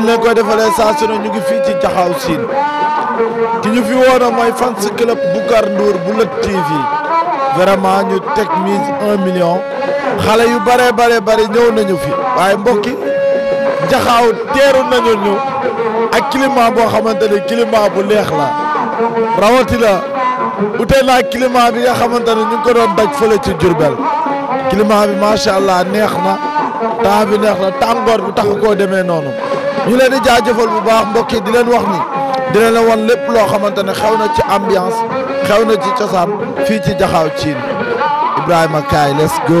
ñu leen koy defalee saa su ñu ngi fii ci Jaxaaw Siin ki ñu fi woon a fans club Boucar Ndour bu Lutte TV vraiment ñu teg mise un million xale yu bare bare bare ñëw nañu fi waaye mbokki Jaxaaw teeru nañu ñu ak climat boo xamante ne climat bu leex la rawatina utee naa climat bi nga xamante ne ñu ngi ko doon daj fële ci Jurbel climat bi macha allah neex na temps bi neex na tàngoor bu taxu koo demee noonu ñu leen di jaajëfal bu baax mbokk di leen wax ni dina leen wan lépp loo xamante ne xew na ci ambiance xew na ci cosaan fii ci Jaxaaw Siin Ibrahima Kaay let's go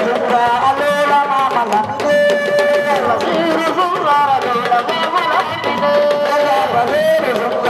Thank you.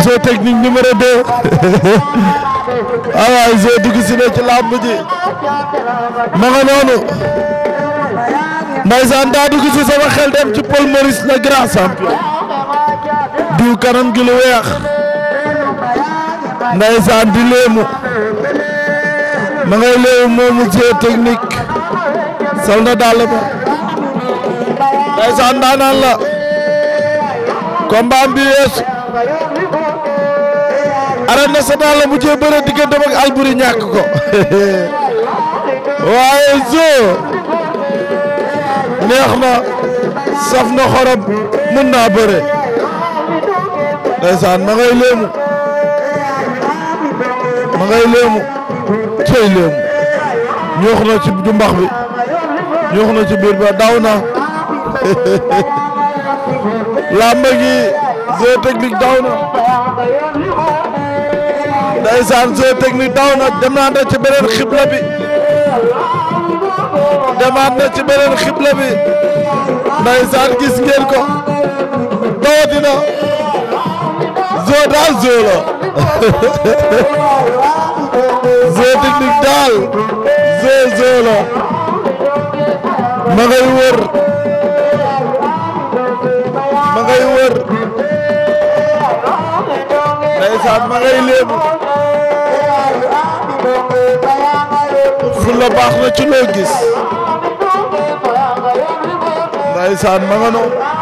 zoo technique numéro 2 waaw waaw zoo dugg si na ci làmb ji ma nga noonu ndeysaan daa dugg ci sama xel dem ci Paul Maurice le grand champion diw kanam gi lu weex ndeysaan di léemu ma ngay léemu moomu jee technique sol na dàll ba ndeysaan daanaan la combat bi weesu arène nationale la mu jee bëre diggante ak Albouri ko waaye zoo neex na saf na xorom mën naa bëre ndeysaan ma ngay léemu ma ngay cey léemu ñoox na ci du mbax bi ñoox na ci biir ba daw na làmb gi Joe Technique daw na ndeysaan Joe Technique daw na dem naa ci xibla bi demaat na ci beneen xibla bi ndeysaan gis ngeen ko dawati na zoo daal zoo la zoo technique daal zoo zoo la ma ngay wër ma ngay wër ndeysaan ma ngay léemu fu la baax na ci loo gis ndeysaan ma nga noonu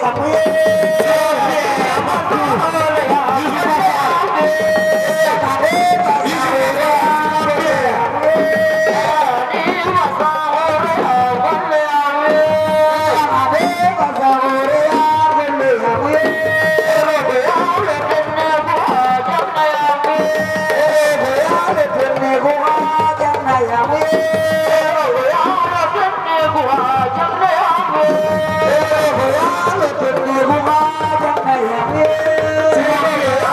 Papa. Yeah.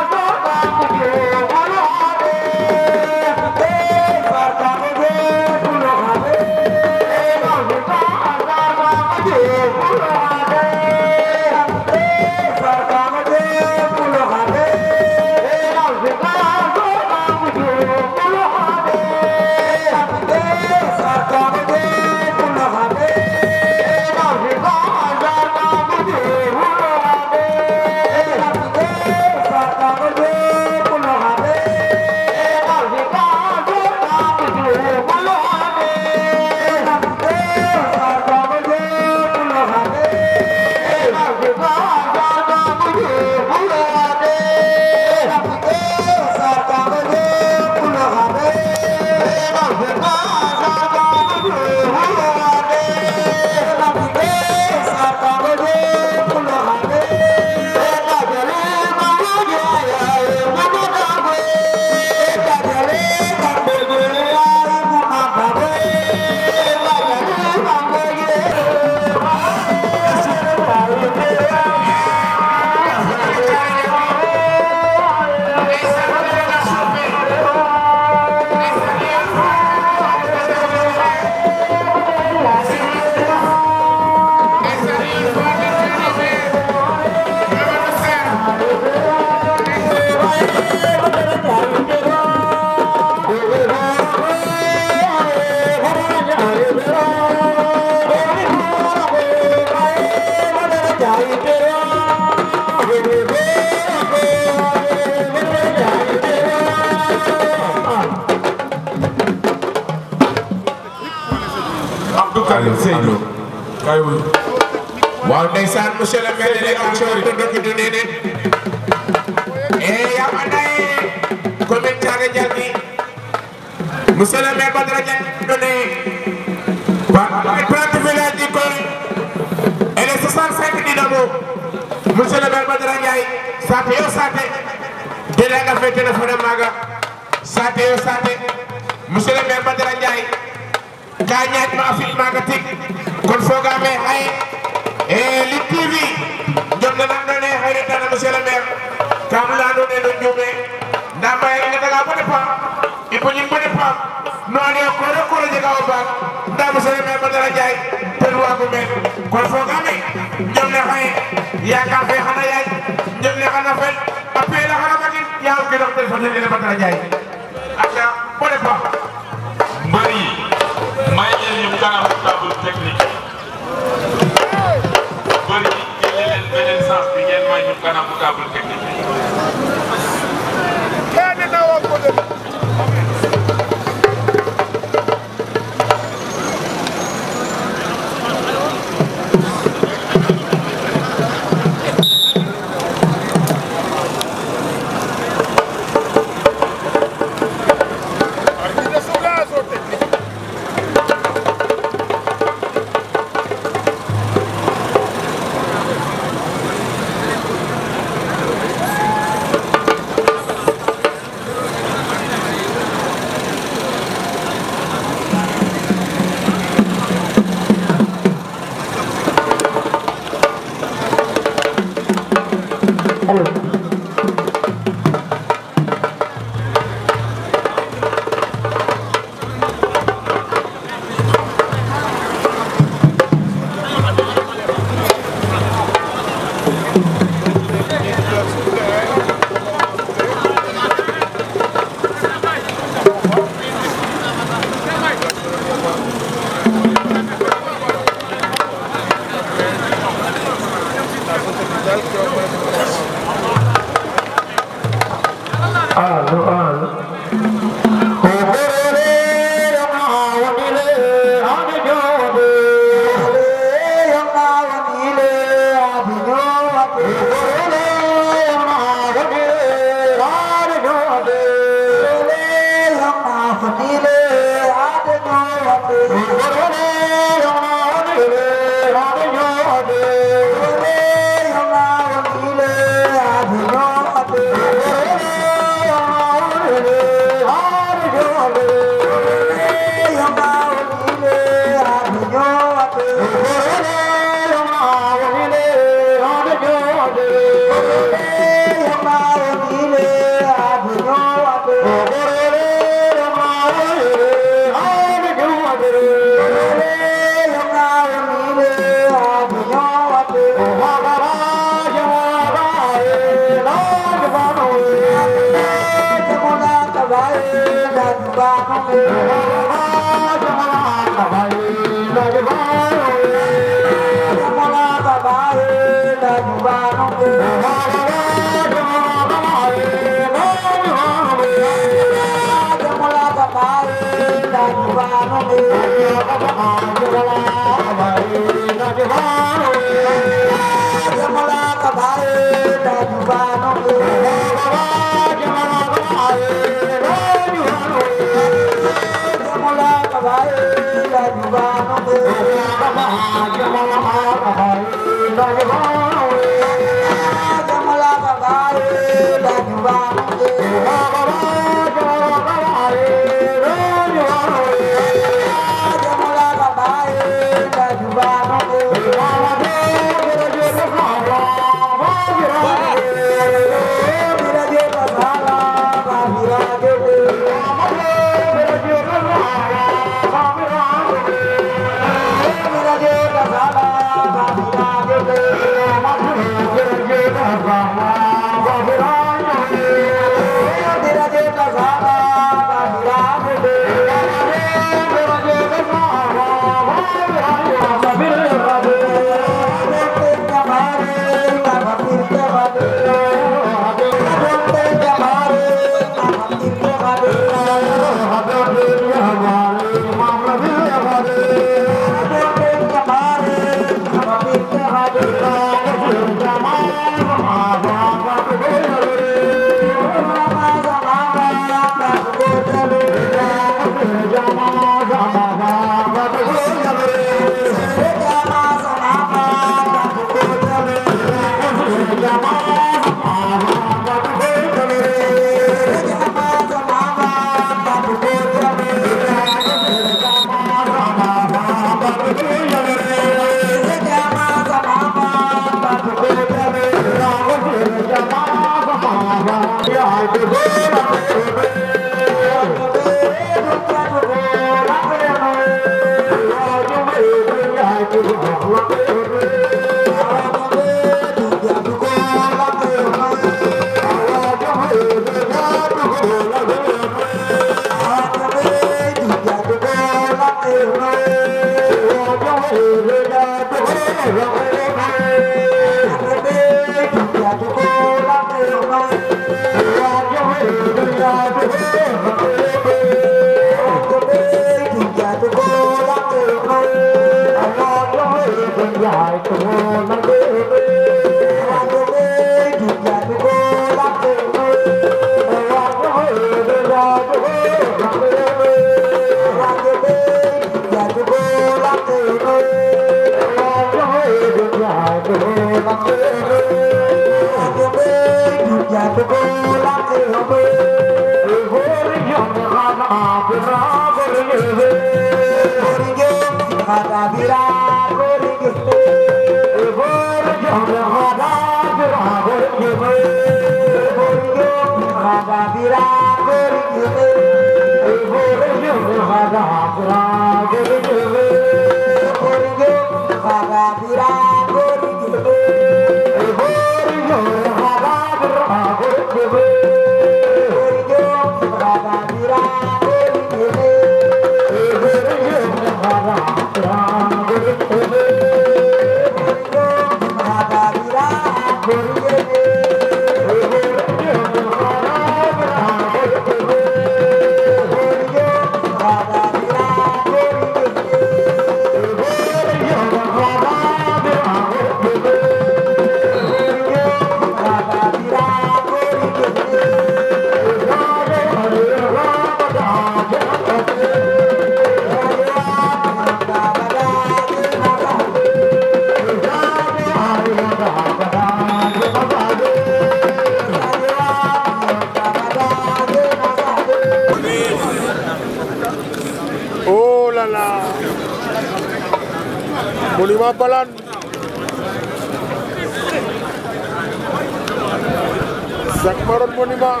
monument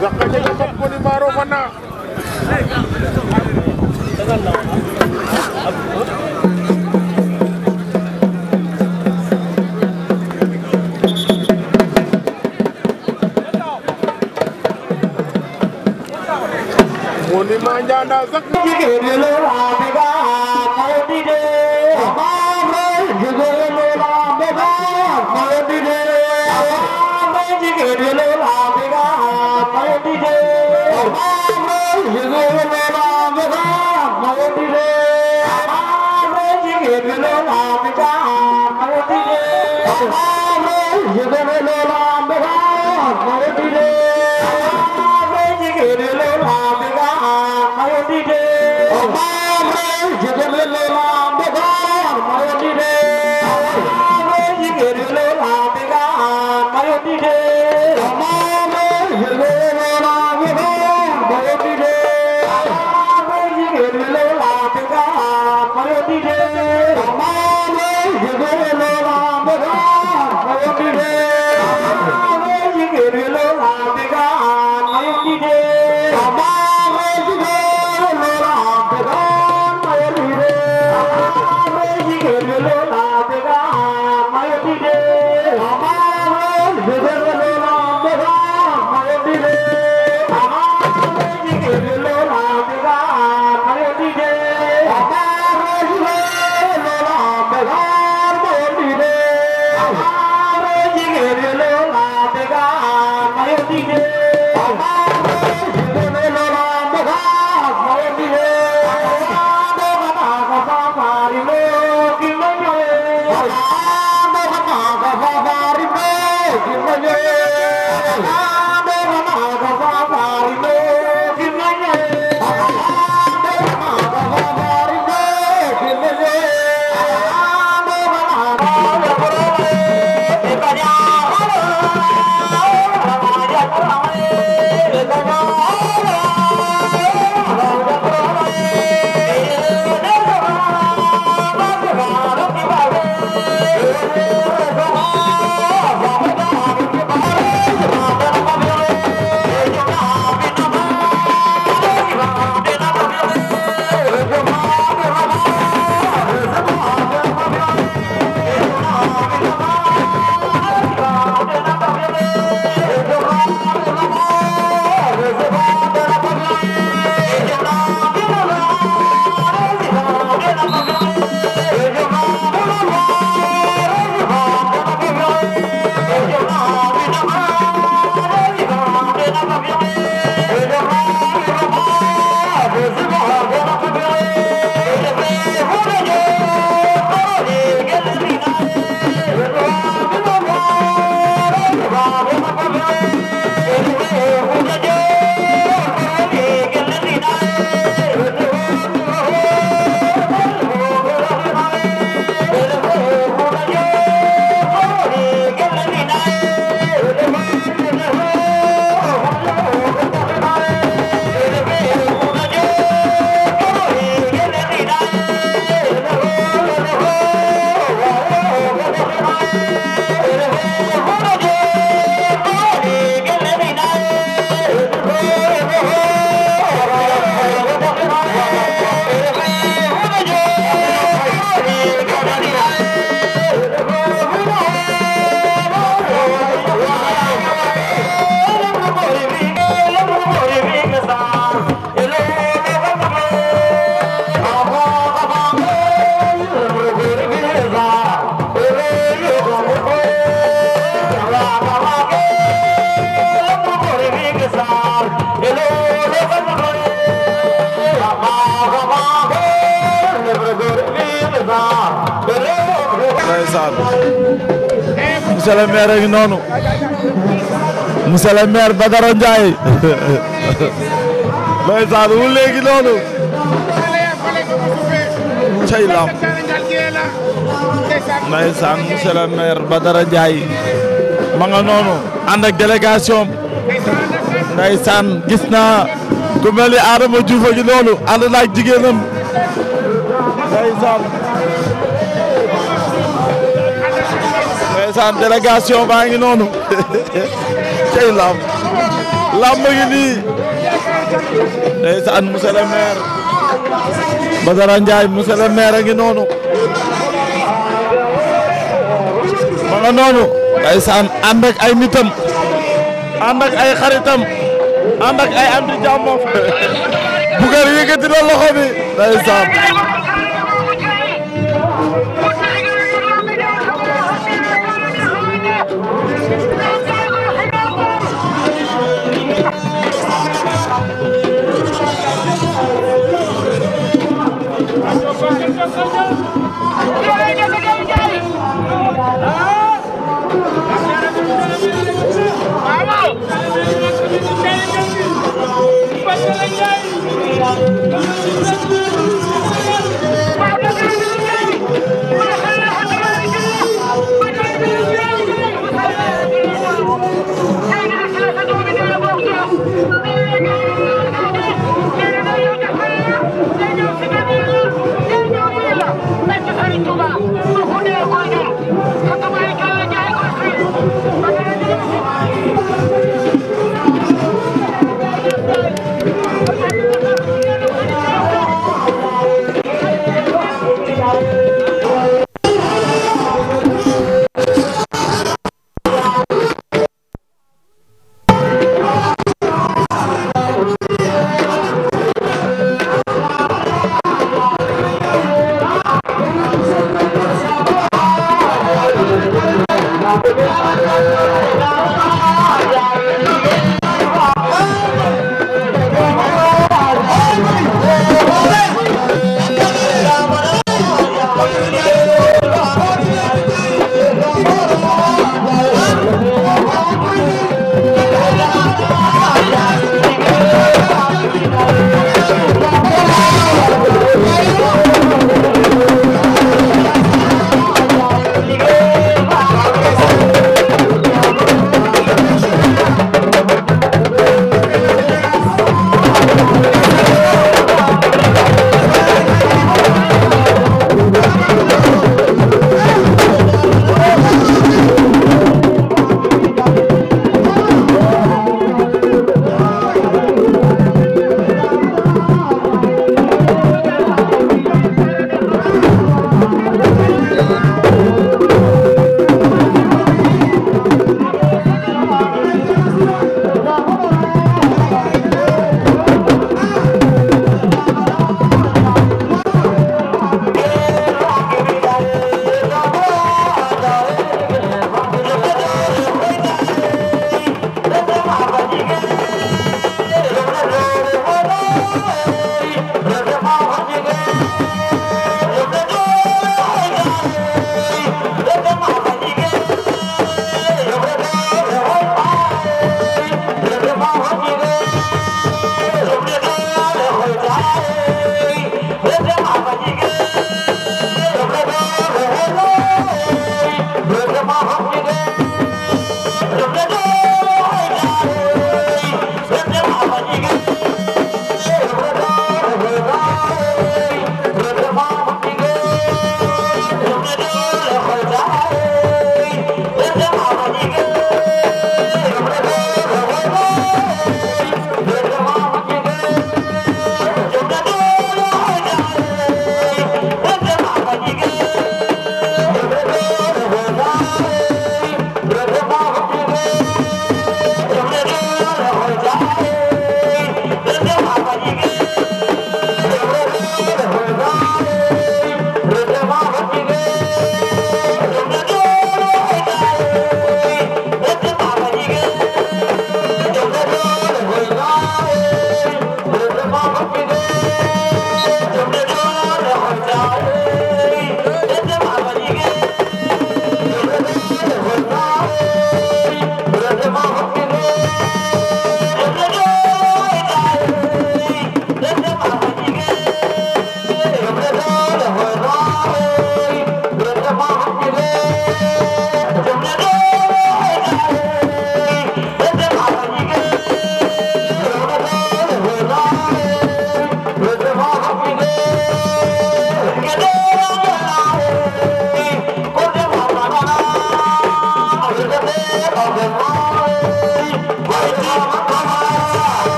Ngakhné Ndiaye a fad monument Roffana monument Ndianda Zak Thank you. monsieur le maire noonu monsieur le maire Badara Ndiaye ndeysaan wu léegi noonu cey lam ndeysaan monsieur le maire Badara Ndiaye ma noonu ànd ak délégation ndeysaan gis ku mel ni Adama Diouf a noonu ànd naag jigéenam ndeysaan délégation baa ngi noonu cey lamb lamb ngi nii ndeysaan monsieur le maire Badara Ndiaye monsieur le maire a ngi noonu ma nga noonu ndeysaan ànd ak ay nitam ànd ak ay xaritam ànd ak ay am di jàmm Boucar yëkkati na loxo bi ndeysaan Thank you.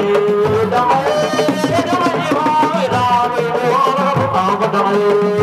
Thank you.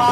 Oh,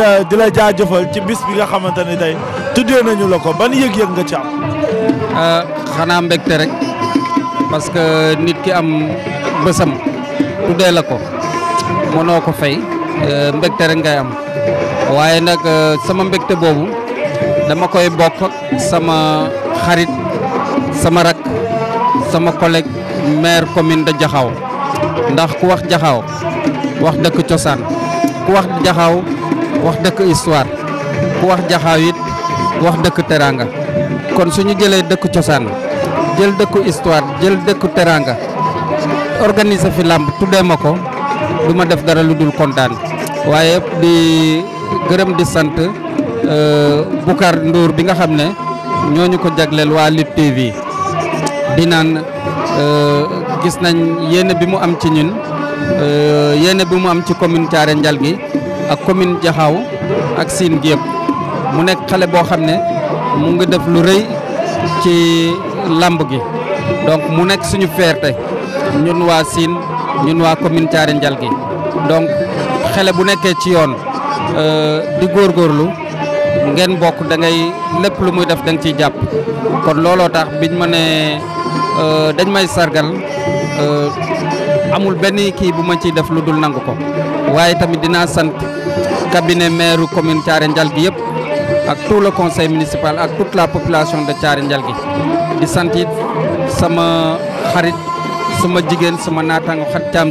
la di la jaajëfal ci bis bi nga xamante ne tey tuddee nañu la ko ba ban yëg-yëg nga ci am. Ah, xanaa mbégte rek parce que nit ki am bësam tuddee la ko mënoo ko fay eh, mbégte rek ngay am waaye nag eh, sama mbégte boobu dama koy bokk sama xarit sama rak sama collègue maire commune de jaxaw ndax ku wax Diakhao wax dëkk cosaan ku wax Diakhao wax dëkk histoire ku wax jaxaaw it wax dëkk teraanga kon suñu jëlee dëkk cosaan jël dëkku histoire jël dëkku teranga organiser fi làmb tuddee ma ko du ma def dara lu dul kontaan waaye di gërëm di sant euh, Boucar Ndour bi nga xam ne ñooñu ko jagleel waa Lutte TV di naan euh, gis nañ yéene bi mu am ci ñun euh, yéene bi mu am ci commune Thiaré gi ak commune Jaxaaw ak siin gi mu nekk xale boo xam ne mu ngi def lu rëy ci làmb gi donc mu nekk suñu fierté ñun waa siin ñun waa commune caari Ndial gi donc xele bu nekkee ci yoon euh, di góorgóorlu ngeen bokk da ngay lépp lu muy def da nga ciy jàpp kon looloo tax biñ ma ne euh, dañ may sargal euh, amul benn kii bu ma ciy def lu dul nangu ko waaye tamit dinaa sant cabinet maire commune Thiaré Ndialgui yëpp ak tout le conseil municipal ak toute la population de Thiaré Ndialgui di sant sama xarit suma jigéen sama naataango xat Thiam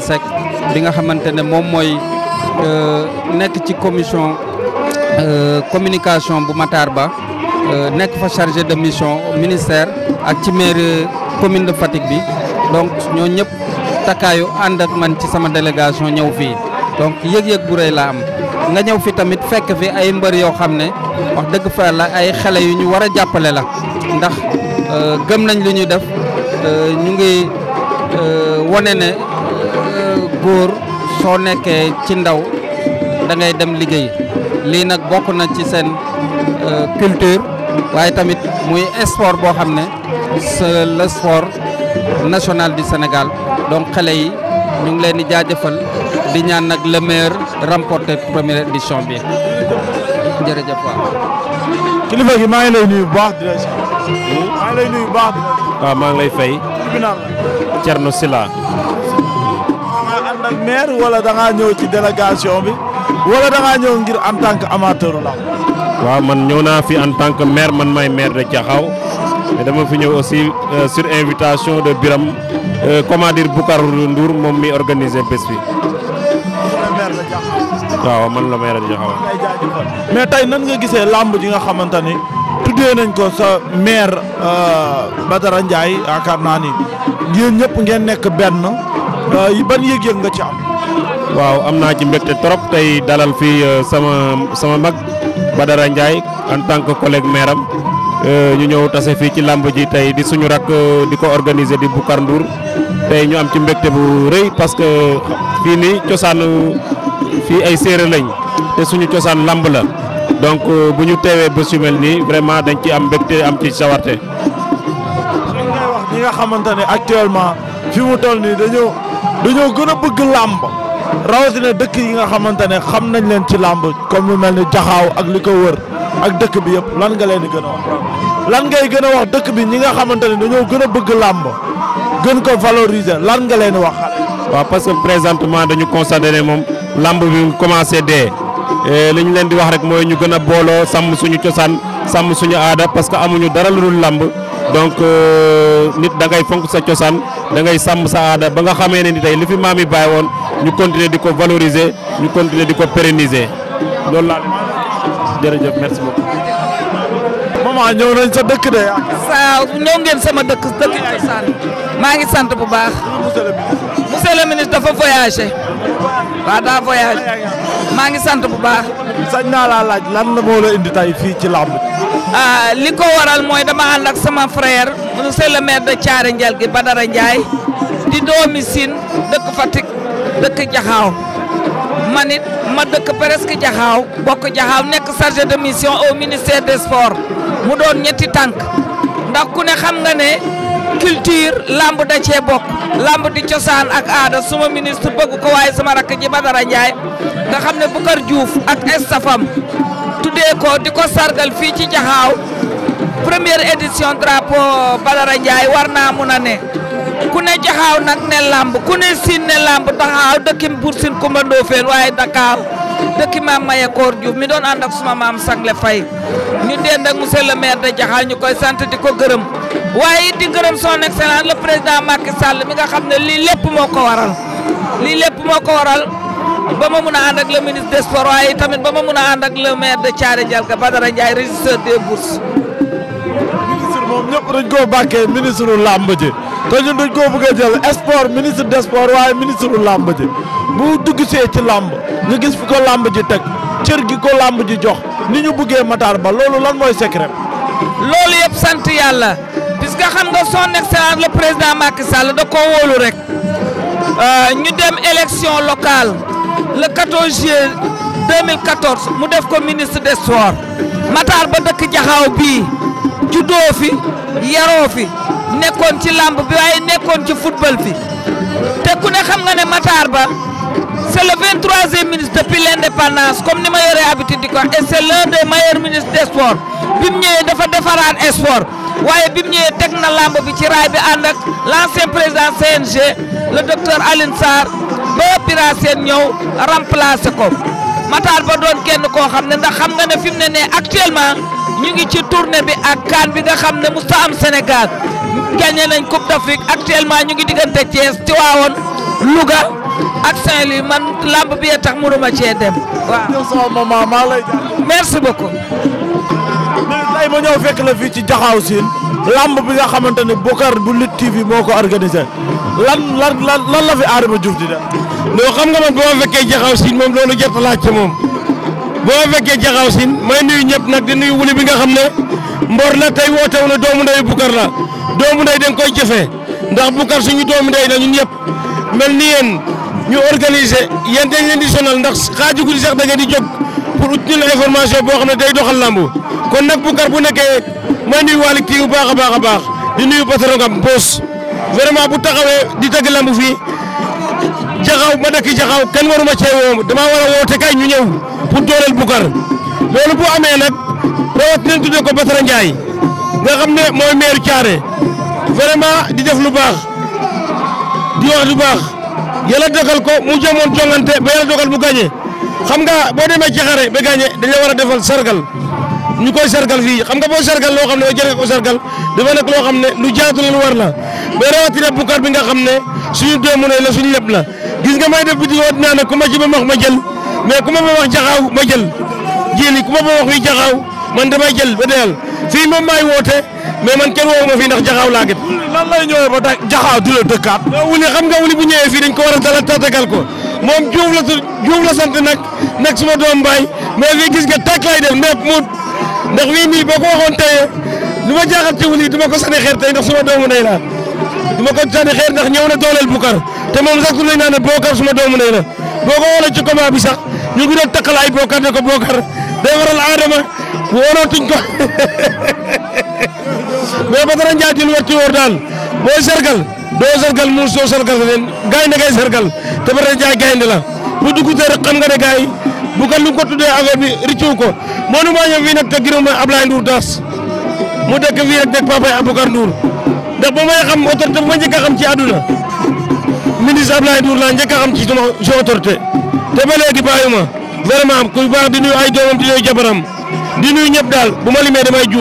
bi nga xamante ne moom mooy euh, nekk ci commission euh, communication bu Matar Ba euh, nekk fa chargé de mission ministère ak ci maire commune de Fatick bi donc ñoo ñëpp takkaayu ànd ak man ci sama délégation ñëw fii donc yëg-yëg bu rëy laa am nga ñëw fi tamit fekk fi ay mbër yoo xam ne wax dëgg fa la ay xale yu ñu war a jàppale la ndax euh, gëm nañ lu ñuy def euh, ñu ngi euh, wane ne góor soo nekkee ci ndaw da dem liggéey lii nag bokk na ci seen culture waaye tamit muy sport boo xam ne c'est le sport national du Sénégal donc xale yi ñu ngi leen di jaajëfal di ñaan nag le remporté première édition bi jërëjëf waaw. kilifa gi maa ngi lay nuyu baax di la si. Hmm? baax. waaw ah, maa ngi lay fay. Thierno Silla. maa ànd ak maire wala da ngaa ñëw ci délégation bi. wala da ngaa ñëw ngir en tant que la. waaw man ñëw naa fi en tant que maire man may maire de Diakhao mais dama fi ñëw aussi euh, sur invitation de Biram euh, comment dire Boucar Ndour moom mi organiser bés bi. waaw man la may rajo Diakhao. mais tey nan nga gisee làmb ji nga xamante ni tuddee nañ ko sa maire euh, Badara Ndiaye yaakaar naa ni yéen ñëpp ngeen nekk benn euh, ban yëg-yëg nga ci am. waaw am naa ci mbégte trop tey dalal fii euh, sama sama mag Badara Ndiaye en tant que collègue maire ñu ñëw tase fii ci làmb ji tey di suñu rak di ko organiser di Boucar Ndour tey ñu am ci mbégte bu rëy parce fii nii cosaanu. fii ay séeréer lañ te suñu cosaan lamb la donc euh, bu ñu teewee bés yu mel nii vraiment dañ ci am te am ci sawarte. ngay wax ñi nga xamante ne actuellement fi mu toll nii dañoo gën a bëgg làmb rawatina dëkk yi nga xamante ne xam nañ leen ci làmb comme mu mel ni jaxaw ak li ko wër ak dëkk bi yëpp lan nga leen di gën a wax lan ngay gën a wax dëkk bi ñi nga xamante ne dañoo gën a bëgg làmb gën ko valoriser lan nga leen wax. waaw parce que présentement lamb bi commencé dee eh, li ñu leen di wax rek mooy ñu gën a booloo sàmm suñu cosaan sàmm suñu aada parce que amuñu dara lu dul lamb donc euh, nit da ngay fonk sa cosaan da ngay sàmm sa aada ba nga xamee ne ni tey li fi maam yi bàyyi woon ñu continuer di ko valoriser ñu continuer di ko pérenniser loolu laa jërëjëf merci beaucoup. maman saa ñëw ngeen sama dëkk dëkk cosaan maa ngi sant bu baax monsieur le ministre dafa voyagé waaw daa voyagé maa ngi sant bu baax. sañ naa laa laaj lan la moo la indi tey fii ci làmb. Ah, li ko waral mooy dama ànd ak sama frère monsieur le maire de Thiaré Ndial gi Badara Ndiaye di doomi Sine dëkk Fatick dëkk Jaxaaw man it ma dëkk presque Jaxaaw bokk Jaxaaw nekk chargé de mission au ministère des sports mu doon ñetti tànk. ndax ku ne xam nga ne culture lamb da cee bokk lamb di cosaan ak aada suma ministre bëgg ko waaye sama rakk ji Badara nga xam ne Bukar Diouf ak estafam tuddee ko di ko sargal fii ci Jaxaaw première édition drapeau Badara war naa mun a ne ku ne Jaxaaw nag ne lamb ku ne Siin ne lamb taxaaw waaye Dakar dëkki maam Maye Koor Diouf mi doon ànd ak suma maam Sangle Faye ñu dend ak monsieur le maire de Diakhao ñu koy sant di ko gërëm waaye di gërëm son excellence le président Macky Sall mi nga xam ne lii lépp moo ko waral lii lépp moo ko waral ba ma mun a ànd ak le ministre des sports waaye tamit ba ma mun a ànd ak le maire de Thiaré Dialga Badara Ndiaye régisseur des bourses. ministre moom ñëpp dañ koo bàkkee ministre làmb ji te ñun dañ a jël sport ministre des sports waaye ministre làmb ji bu dugg ci làmb ñu gis fi ko làmb ji teg cër gi ko làmb ji jox. ni ñu buggee Matar Ba loolu lan mooy secret. loolu yëpp sant yàlla puisque xam nga son excellence le président mark Sall da koo wóolu rek euh, ñu dem élection locale le 14 juillet 2014 mu def ko ministre des sports Matar Ba dëkk jaxaaw bii juddoo fi yaroo fi nekkoon ci làmb bi waaye nekkoon ci football bi te ku ne xam nga ne Matar Ba c'est le 23e ministre depuis l'indépendance comme ni ma yoree di ko et c'est l'un bi mu ñëwee dafa defaraat sport waaye bi mu ñëwee teg na làmb bi ci raay bi ànd ak l'ancien président CNG le docteur Alioune Sarr ba Bira Sène ñëw remplacer ko Matar ba doon kenn koo xam ne ndax xam nga ne fi mu ne ne actuellement ñu ngi ci tournée bi ak CAN bi nga xam ne musta am Sénégal gagné nañ Coupe d'Afrique actuellement ñu ngi diggante Thiès Tivaouane Louga ak saint man làmb bi tax mënuma cee dem waaw. ñëw sama maman maa lay jàpp. merci beaucoup. ma ñëw fekk la fii ci Jaxaaw Siin làmb bi nga xamante ne Bokar bu Lutte TV moo ko organisé lan lan lan lan la fi Adama Diouf di def. non xam nga man boo fekkee Jaxaaw Siin moom loolu jot a laaj ci moom boo fekkee Jaxaaw Siin may nuyu ñëpp nag di wuli bi nga xam ne Mbor la tey woote wu ne doomu ndeyu Bokar la doomu ndey dañ koy jëfee ndax Bokar suñu doomu ndey la ñun ñëpp mel ni yéen. ñu organiser yéen dañ leen di sonal ndax xaaju guddi sax da ngeen di jóg pour ut ñu information boo xam ne day doxal lamb kon nag bu kar bu nekkee may nuyu wàllu kii bu baax a baax a baax di nuyu patron am boos vraiment bu taxawee di tëgg lamb fi jaxaw ma dëkk jaxaw kenn waruma cee woo dama war a woote kay ñu ñëw pour dooleel Boucar loolu bu amee nag rawatina tuddee ko Badara Ndiaye nga xam ne mooy maire Thiaré vraiment di def lu baax di wax lu baax yàlla dogal ko mu jëmoon jongante ba yàlla dogal mu gagné xam nga boo demee ci xare ba gagné dañ la war a defal sargal ñu koy sargal fii xam nga boo sargal loo xam ne ba jëlee ko sargal dafa nekk loo xam ne lu jaatu la lu war la ba rawatina bukar bi nga xam ne suñu doomu ne la suñu lépp la gis nga may def bi di waat naa ne ku ma ci ba ma jël mais ku ma ba wax jaxaaw ma jël jéeli ku ma ba wax wi jaxaaw man damay jël ba deyal fii ma maay woote mais man kenn woo ma fii ndax jaxaaw laa gën. lan lay ñëwee ba tey jaxaaw wuli xam nga wuli bu ñëwee fii dañ ko war a dalal tatagal ko moom juuf la juuf la sant nag suma doom baay mais fii gis nga tàkk lay def nepp mut ndax lii nii boo ko waxoon lu ma jaaxal ci wuli duma ko sànni xeer tey ndax suma doomu ndey laa duma ko sànni xeer ndax ñëw na dooleel Bukar te moom sax ku lay naan Bokar suma doomu ndey la boo ko wala ci combat bi sax ñu ngi doon takkal ay Bokar ne ko Bokar day mais Badara Ndiaye jël war ci wóor daan mooy sargal doo sargal mu soo sargal leen gaynde ngay sargal te Badara Ndiaye gaynde la bu dugg te rek xam nga ne gaay bu ko lu ko tuddee affaire bi rëccu ko mënu maa ñëw fii nag te gërëm ma Ablaye Daas mu dëkk fii rek papay Aboubacar Ndour ndax ba may xam autorité bu ma njëkk a xam ci àdduna ministre Ablaye Ndour laa njëkk a xam ci sama si autorité te ba léegi bàyyi ma vraiment kuy baax di nuyu ay doomam di nuyu jabaram di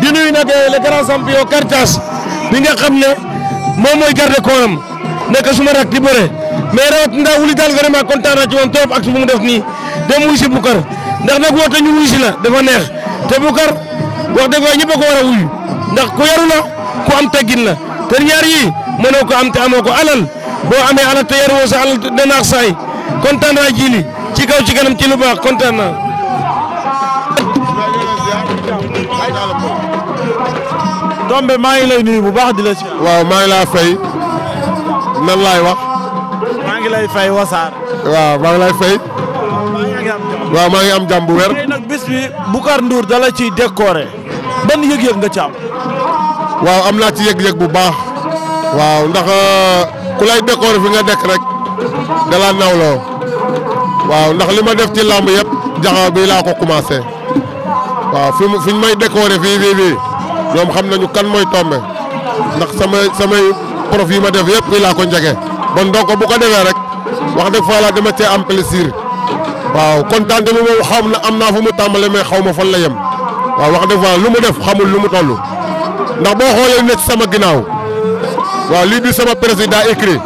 di nuyu nag eh, le grand champion Carthage nga xam ne moom mooy garde kooram nekk suma rak di bëre mais rawatina wuli daal vraiment kontaan naa ci moom trop ak su mu def nii dem wuy si Bukar ndax nag woote ñu wuy si la dafa neex te Bukar wax dëgg ñëpp a ko war a ndax ku yaru la ku am teggin la te ñaar yii mënoo ko am te amoo ko alal boo amee alal te yaruwoo sa alal danaax saay kontaan naa jiili ci kaw ci kanam ci lu baax kontaan naa Tombe maa ngi lay nuyu bu baax di la si. waaw maa ngi laa fay nan laay wax. maa ngi lay fay wasaar. waaw maa ngi lay fay. waaw maa ngi am jàmm bu wér. tey nag bis ciy décoré ban yëg-yëg nga ci am. waaw am naa ci yëg-yëg bu baax. waaw ndax euh, ku lay décoré fi nga dekk rek da nawloo waaw ndax li ma def ci làmb yëpp jaxaw bi laa ko commencé waaw fi fi may décoré fii fii. ñoom xam nañu kan mooy tombé ndax samay samay prof yi ma def yëpp fii laa ko njege bon donc bu ko defee rek wax dëgg fa la dama cee am plaisir waaw kontaan bi moom xaw na am naa fu mu tàmbalee mais xaw ma fan la yem waaw wax dëgg fa lu mu def xamul lu mu toll ndax boo xoolee ne sama ginnaaw waaw lii di sama président écrit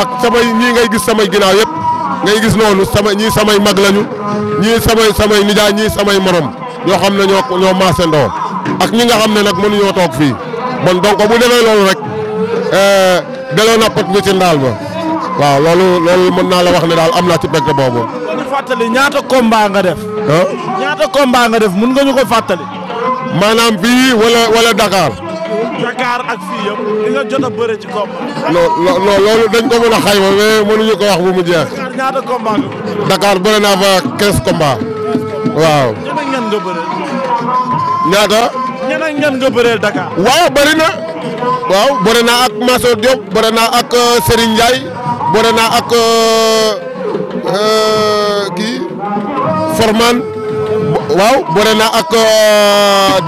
ak samay ñii ngay gis samay ginnaaw yëpp ngay gis noonu sama ñii samay mag lañu ñii samay samay nijaay ñii samay morom ñoo xam ne ñoo ñoo maasandoo ak ñi nga xam ne nag mënuñoo toog fii bon donc bu demee loolu rek euh, delloo na pot ñu ci ndaal ba waaw loolu loolu mën naa la wax ne daal am naa ci mbégte boobu. ñu ñaata combat nga def. ñaata combat mun nga ñu ko fàttali. maanaam fii wala wala Dakar. Dakar ak fii yëpp li nga jot a bëre ci combat. non non loolu dañ ko mën a xayma mais mënuñu ko wax bu mu jeex. Dakar ñaata fa 15 combat. waaw. ñaata. ñan ak ñan nga bëreel Dakar. waaw bëri na waaw bëri naa ak Massor Diop bëri naa ak euh, Serigne Ndiaye bëri naa ak euh, euh, kii Forman waaw bëri naa ak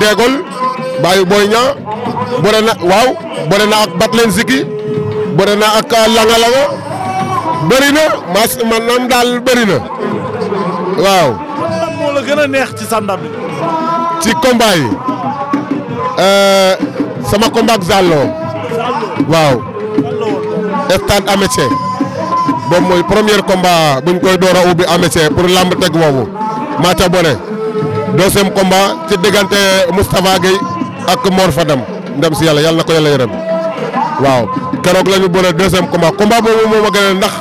Dégol Baye Boy Niang bëri na waaw bëri naa ak Batlen Ziki bëri ak Langa Langa na mas maanaam daal bëri na waaw. moo la gën a neex ci sa ndam ci combat Euh, sama combat ak Zallo waaw stade Amitié boobu mooy premier combat buñ koy door a ubbi Amitié pour lamb teg woowu maa ca bone deuxième combat ci diggante Moustapha Gueye ak Mor Fadam ndem si yàlla yàlla na ko yàlla yërëm waaw keroog la ñu bëre deuxième combat combat boobu moom a gën ndax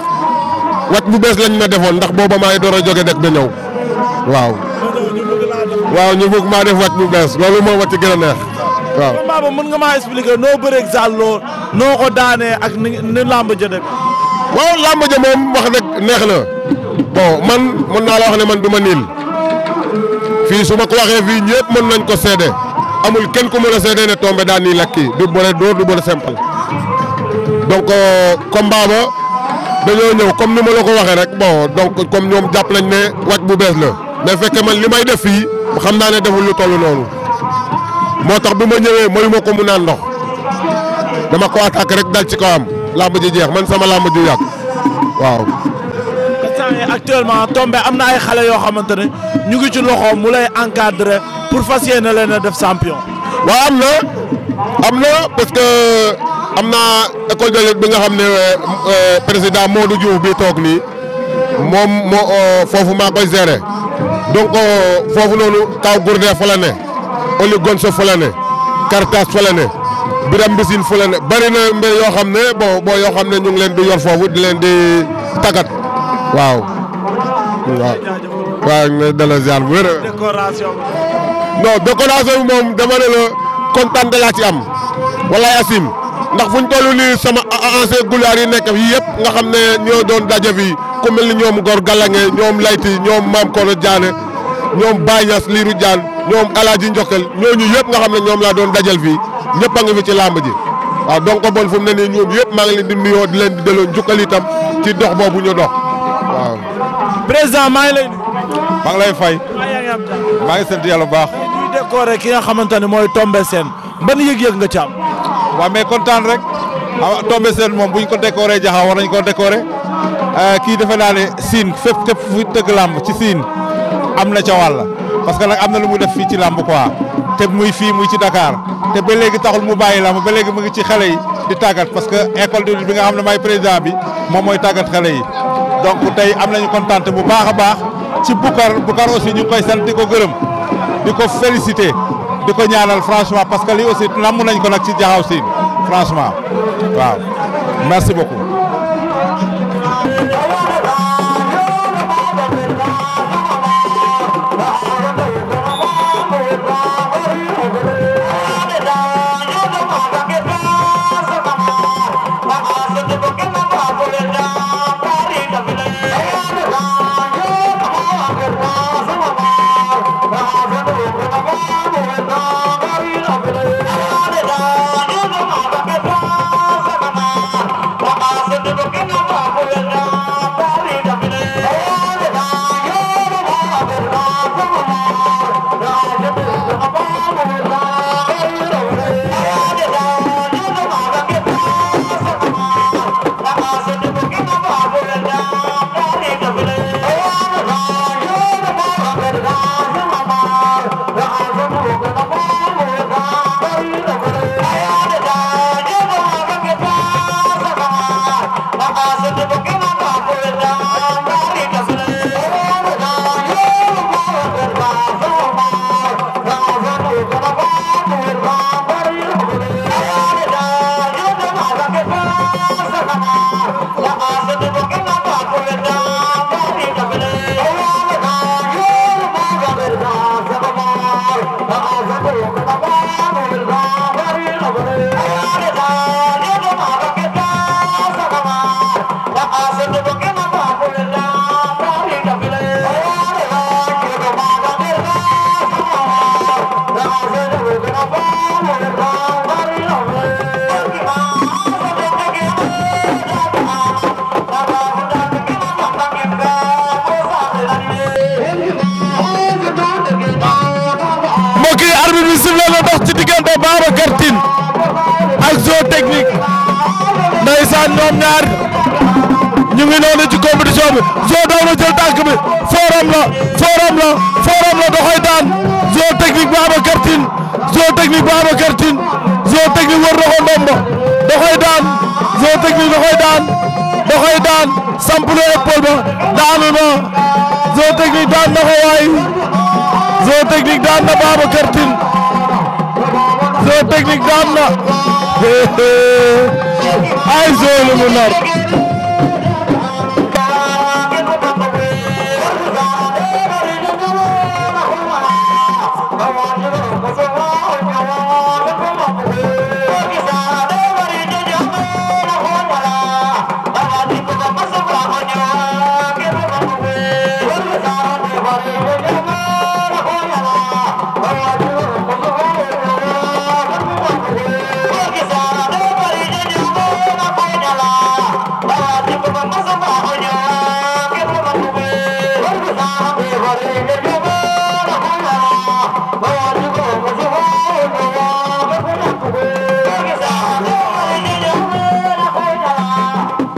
wat bu bees lañ ma defoon ndax booba maay door a jóge ba ñëw waaw ñu bëgg maa def wat bu bees loolu moo wat ci gën a neex waaw combat ba mën nga maa expliquer noo bëreeg Zallo noo ko daanee ak ni ni làmb ja dem. waaw làmb ja moom wax dëgg neex na bon man mën naa la wax ne man du ma niil fii su ma ko waxee fii ñëpp mën nañ ko seede amul kenn ku mën a seede ne tombé daan nii lakk du bëre dóor du bëre simple donc euh, comme ba dañoo ñëw comme ni ma la ko waxee rek bon donc comme ñoom jàpp nañ ne wàcc bu bees la mais fekk man li may def fii xam naa ne deful lu toll noonu. moo tax bi ma ñëwee mayu ma ko mu naan ndox dama ko attaqué rek dal ci kawam làmb ji jeex man sama làmb ju yàgg waaw. actuellement tombé am na ay xale yoo xamante ne ñu ngi ci loxoom mu lay encadré pour fas yéene leen a def champion. waa am na am na parce que am na école de bi nga xam ne euh, président Modou Diouf bi toog lii moom moo euh, foofu maa koy gérer donc euh, foofu noonu kaw Gourdin fa ne. Oli Gonso Folane Cartas Folane Biram Mbisine Folane bari na mbé yoo xam ne bon boo yoo xam ne ñu leen di yor foofu di leen di tàggat waaw. waaw waaw ñu dala ziar bu wér. décoration non décoration bi moom dama ne la kontaan da laa ci am walaay asim ndax fuñ toll nii sama ancien gulaar yi nekk fii yëpp nga xam ne ñoo doon daje fii ku mel ni ñoom Gor Galange ñoom Layti ñoom Maam Koro Diané. ñoom Baye Niass jaan Diane ñoom El Hadj Ndiokkel ñooñu yëpp nga xam ne ñoom laa doon dajal fii ñëpp a ngi fi ci làmb ji waaw donc bon fu ne nii ñoom yëpp maa ngi leen di nuyoo leen di delloo njukkal itam ci dox boobu ñu dox waaw. président maa ngi lay nuyu. maa ngi lay fay. maa ngi sant yàlla bu baax. ñuy décorer ki nga xamante ne mooy Tombé Sène ban yëg-yëg nga ci am. waaw mais kontaan rek ah Tombé Sène moom bu ñu ko décorer jaxaw war nañu ko décorer euh, kii defe naa ne siin fépp képp fu tëgg làmb ci siin am na ca wàll parce que nag am na lu mu def fii ci làmb quoi te muy fii muy ci Dakar te ba léegi taxul mu bàyyi làmb ba léegi mu ngi ci xale yi di tàggat parce que école de lutte bi nga xam ne maay président bi moom mooy tàggat xale yi donc tey am nañu kontaan bu baax a baax ci Boucar Boucar aussi ñu ngi koy sant di ko gërëm di ko félicité di ko ñaanal franchement parce que lii aussi namm nañ ko nag ci jaxaw siin franchement waaw merci beaucoup lu leer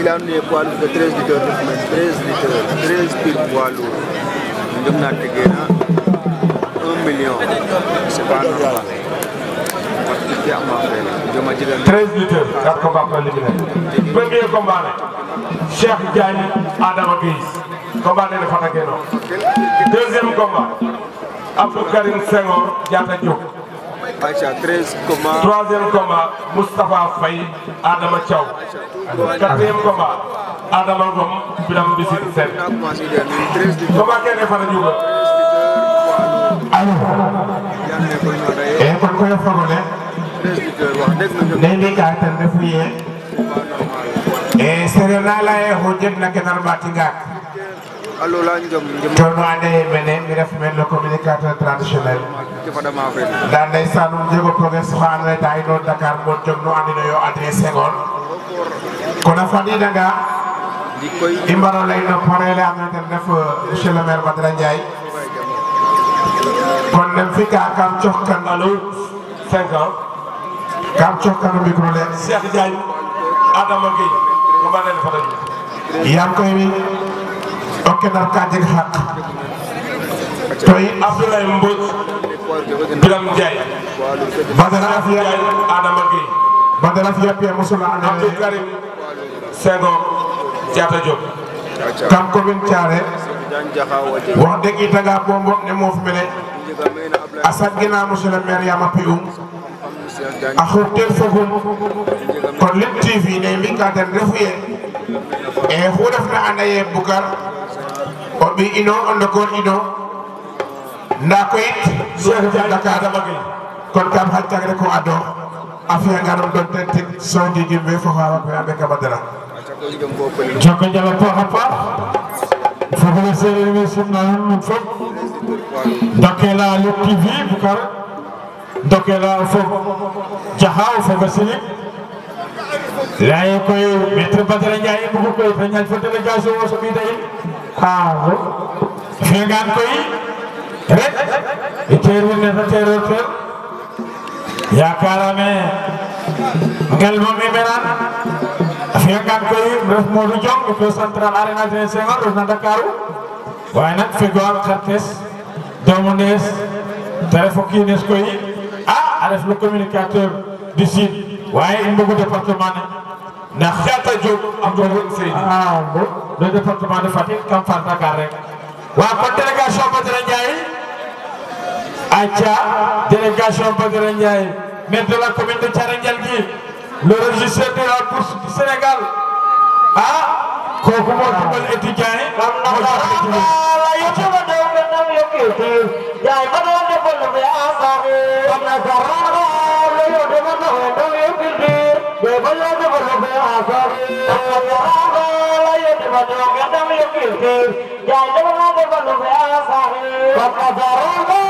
il a amené poids lourd de 13 litres de mètre 13 litres 13 piles poids lourd ñun dem naa tëggee na 1 million c'est pas normal parce que kii am naa fay la. joma ji leen 13 litres ndax combat ko éliminé. premier combat la Adama Guèye combat de Fatick non. deuxième combat Abdou Karim Senghor Diatta Diop. Aïcha 13 combat. troisième combat Adama Thiaw. quatrième combat Adama Ngom Birame Mbissine Sène combat kenn fana juga e kon koye fogole ndendi ka tan refuye e sere naala mi ref men le communicateur traditionnel nda ndeysaan um jego progrès subhanallah tayi noon Dakar mon jom no andino yo adressé kono fadiida nga i mbaro ley no poreele ando naye ten ref monsieur le maire Badara kon nem fika kam cox kan alo cinq ans kam cox kan o micro le Cheikh Diagne Adama Gueye o mbane o kenar ka jeg xaq to i Abdoulaye Mbodj Biram Ndiaye Badara a fiya Adama Gueye Bada la fi yappee Moussa Abdou Karim Senghor Diatta kam commune Thiaré wax dëgg ita nga ne moof mene a saggina monsieur le maire yama pi'um a xuup ten fogum kon Lutte ne mbika ten refu ye e eh, xu refna anda ye Boucar o ɓiy ino o ndokoor ino nda koy it so refu Dakar kon kam xaƴ tag rek o affaire dokte a sawdiji be fofaama koy aɓe kama dara joko jala paaxa paax fogole sereer we simna nuun nuun fop dokela Lutte TV Boucar dokela fo jaxaw foga koy maître Badara Ndiaye bugu koy ta ñaaj fo délégation o soɓida in xaaxo fengaan koy rek teer we neta teeroor teer yaakaaraame ngel moom i menan a fiya ngaan koy ref Modou Diong o fo central arena Adrien Senghor ref na Ndakaaru waaye nak fegoam xartes doomu ndees te ref o kiines koy ah, a a ref le communicateur du sud waaye i département ne ndax xeeta Diop a mbogu Seydi a le département de Fatick kam farta gar rek waa kon délégation Badara Ndiaye Aïcha délégation Badara Ndiaye maire de la commune de Thiarandial gi le régisseur de la bourse du Sénégal ah kooku moo dimbal étudiant yi moo tax a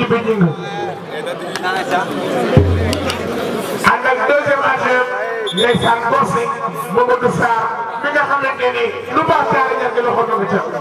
ci bitim ànd ak deuxième ateur ndeysaan Bosé Mamadou Sarr mi nga xamante ni lu baax Sarr ñàkk loxo na ko ca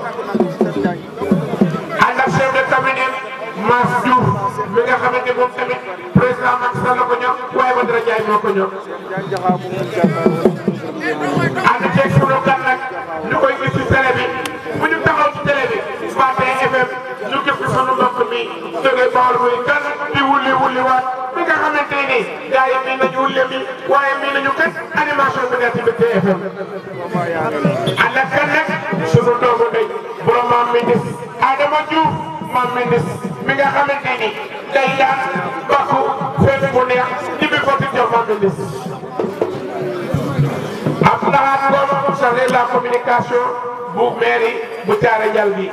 délégation bu mairie bu Thiara Ndial bi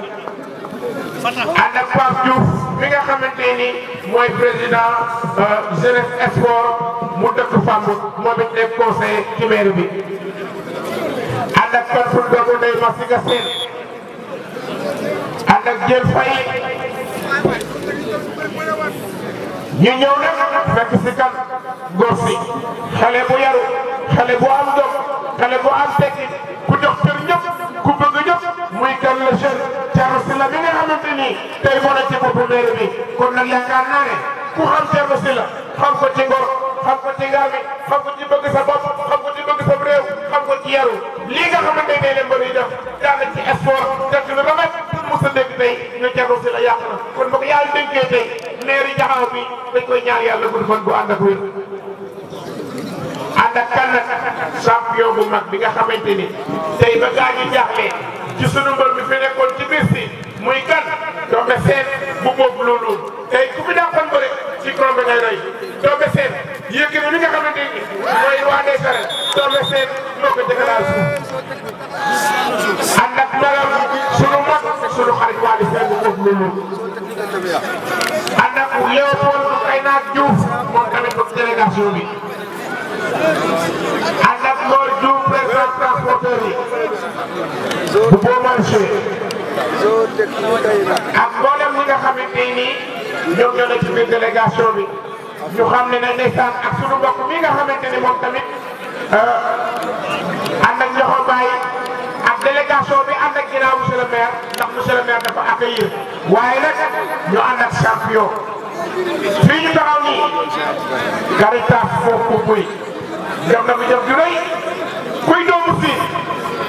ànd ak Pape Diouf mi nga xamante ni mooy président euh, jeunesse sport mu dëkk Fambut moom it nekk conseil ci mairie bi ànd ak Fatou Ndao Ndeye Massika Sène ànd ak Diène Faye ñu ñëw nag fekk si kan góor si xale bu yaru xale bu am bu mairie bi kon nag yaakaar naa ne ku xam Thierno Sylla xam ko ci ngor xam ko ci ngar xam ko ci bëgg sa bopp xam ko ci bëgg sa réew xam ko ci yaru a na kon ba ko yàlla dénkee tey mairie Jaxaaw bi dañ koy ñaan yàlla gudd fan bu ànd ak wér. ànd ak kan nag champion bu mag bi nga xamante ni tey ba gaañu jaaxle ci sunu mbër mi fi nekkoon ci biir muy kan doome seen. bu boobu loolu tey ku fi dàqoon bëre ci trompe ngay roy trompe seen yëngu na li nga xamante ni mooy waa des arènes trompe seen moo ko jëkkëlaal suuf ànd ak melam sunu mag sunu xarit waa des arènes boobu loolu ànd ak Léopold Kaynaak Diouf moom tamit bokk délégation bi ànd ak Mor Diouf président transporteur yi bu boo marché ak nga xamante nii ñoom ñoo nekk ci biir délégation bi ñu xam ne nag ndeysaan ak suñu mbokk mi nga xamante ni moom tamit euh, ànd ak ñoxo bàyyi ak délégation bi ànd ak ginnaaw monsieur le maire ndax monsieur le maire dafa accueillir waaye nag ñu ànd ak champion fii ñu taxaw nii Caritas foofu kuy jëm na bu jëm ju rëy kuy doomu fii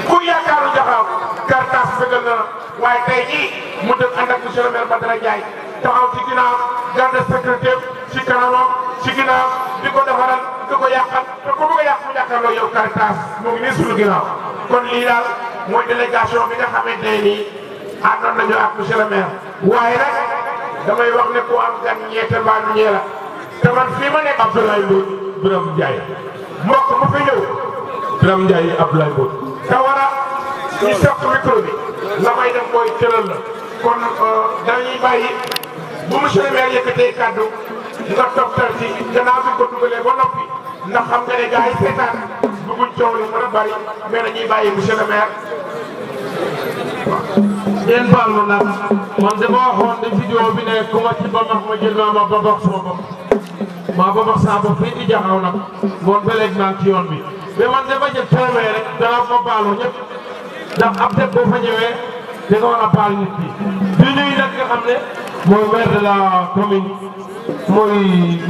kuy yaakaaru Jaxaaw Cartas fegal na waaye tey jii mu dem a ak monsieur le maire Badara Ndiaye taxaw ci ginnaaw garde sécurité ci kanamam ci ginnaaw di ko defaral di ko yàqal te ku mu jàkkaarloo yow Cartas mu ngi nii suñu bi nga xamante ne nii àndoon nañu ak monsieur le maire. waaye nag damay wax ne ku am gan ñeete mbaa du ñee la te man fii ma nekk Abdoulaye Ndour Birame Ndiaye mbokk mu fi ñëw Birame Ndiaye Abdoulaye Ndour te war a ñi toog micro bi la may def mooy tëral la kon euh, dañuy bàyyi bu monsieur le maire yëkkatee kàddu nga toog tar ci gannaaw bi ko dugalee ba noppi ndax xam nga ne gars yi seetaan a bari mais dañuy bàyyi monsieur le maire ngeen baal ma nag man dama waxoon ne vidéo bi ne ku ma ci ba ma jël ma ma ba box sama ba max saa bopp fii nag moom ba léegi naa ci bi mais man dama jël téeméer rek dara ma baaloo ñëpp ndax ab dëkk boo fa ñëwee da nga war a baal nit bi di nuyu nag nga xam ne mooy maire de la commune mooy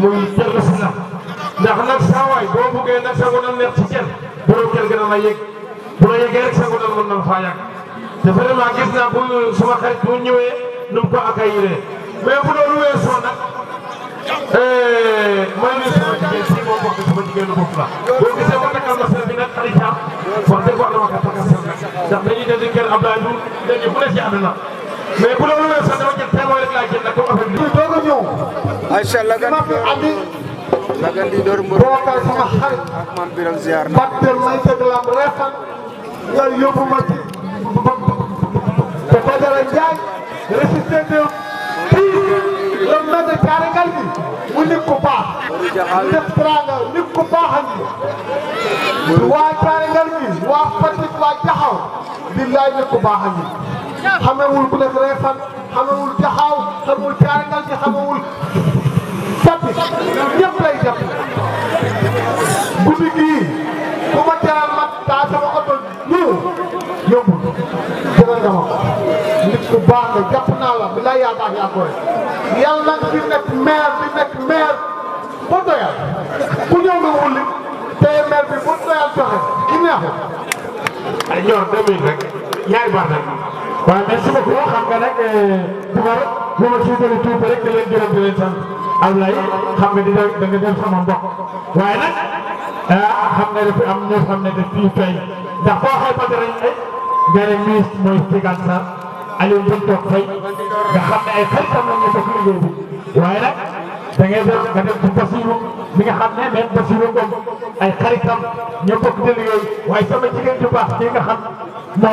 mooy Thierno Sylla ndax nag saa boo buggee nag sa ngoonal neex ci kenn borom kenn gën a la yëg bu la yëgee rek sa ngoonal mën na faa yàgg te gis naa bu suma xarit bu ñëwee nu mu ko accueillir mais bu loolu weesoo nag eh, maa ngi sama jigéen si moom wax dëgg wax dëgg am na seen bi nag xarit am ndax dañuy dem di kër Abdoulaye Ndour dañuy ku ne ci àdduna mais bu loolu la sax dama jël témoin rek laa jël nag comme affaire bi. doog a ñëw. Aïcha Lagane di door andi. Lagane di door mbër. bokkal sama xarit. ak maam Biram ziar na. Bakhtel may tëgg la am reefal. yàlla yóbbu ma ci. te Badara Ndiaye. résister de fii le maître carrément bi mu nit ku baax. def teraanga nit ku baaxal bi. waa Taarangal bi waa Fatick waa Jaxaw billaay ne ko baax a ngi xamewul ku nekk Réfane xamewul Jaxaw xamewul Taarangal bi xamewul nit ku baax nga jàpp naa la billaay yaa baax yaa ko rek yàlla nag fi nekk hôtel bi bu doyal joxe ki neexul. ay ñoom demuñ rek ñaari baax na. waaw merci beaucoup xam nga nag Toucar euh, bu ma suubalee tuub rek di leen gërëm di leen sant Ablaye xam nga di da nga def sama mbokk waaye nag ah xam nga dafa am ñoo xam ne daf fii tey ndax boo xayma darañ ne nga ne ministre mooy Tigaan Sarr Aliou Ngom toog fay nga xam ne ay xaritam la ñu def liggéey bi waaye nag. da ngay def nga def ci Basiru mi nga xam ne même Basiru moom ay xaritam ñu bokk di liggéey waaye sama jigéen ju baax kii nga xam moom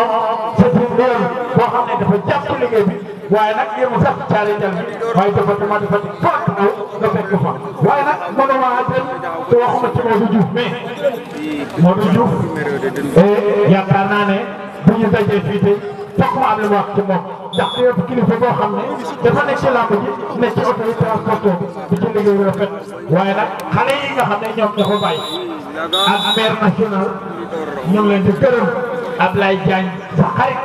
c'est une mère boo xam ne dafa jàpp liggéey bi waaye nag yéemu sax caare jal bi waaye département de Fatick fort na nga fekk fa waaye nag mënu maa dem te waxuma ci Modou Diouf mais Modou Diouf eh, yaakaar naa ne bu ñu dajee fii tey taxawaay la wax ci moom ndax képp kilifa boo xam ne dafa nekk ci làmb ji nekk ci autorité transporteur yi nga xam ne ñoom dafa bàyyi ak ñu leen di gërëm Ablaye Diagne sa xarit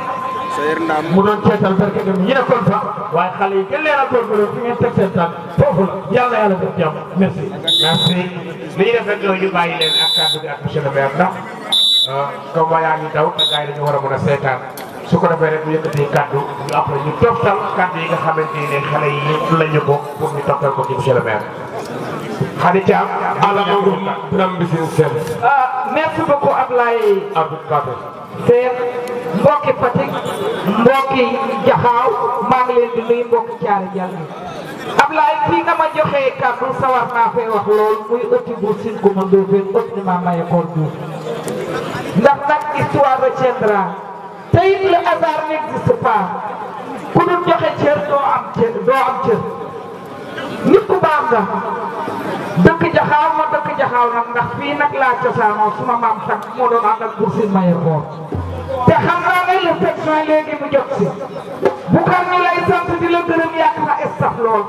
mu doon ceetal barke dem ñu nekkoon fa waaye xale yi gën leen a góorgóorlu fi ngeen teg seen foofu la yàlla yàlla def jàmm merci. merci li ñu defee ñooñu bàyyi leen euh, war a mën a seetaan. su ko defee rek ñu yëkkati kàddu ñu après ñu toftal ne xale yi yëpp la ñu ko pour ñu toftal ko ci monsieur le maire. xale Thiam. ala magum nam bi sin seen. ah merci beaucoup Ablaye. Abdou Kader. seen mbokki Fatick mbokki Jaxaaw maa leen di nuyu mbokki Thiaré Diallo. Ablaye fii nga ma joxee kàddu sawar naa fee wax lool muy uti bu sin ko ma Ndofène ëpp ni maa maye koor Diouf ndax nag histoire retiendra. te it le hasard n'existe pas ku dul joxe cër doo am cër nit ku baax nga dëkk jaxaaw ma dëkk jaxaaw nag ndax fii nag laa cosaanoo suma maam tak moo doon ànd ak Buur Sine Mayakor te xam naa ne le section léegi mu jot si bu xam ni lay sant di la gërëm yàq na estaf lool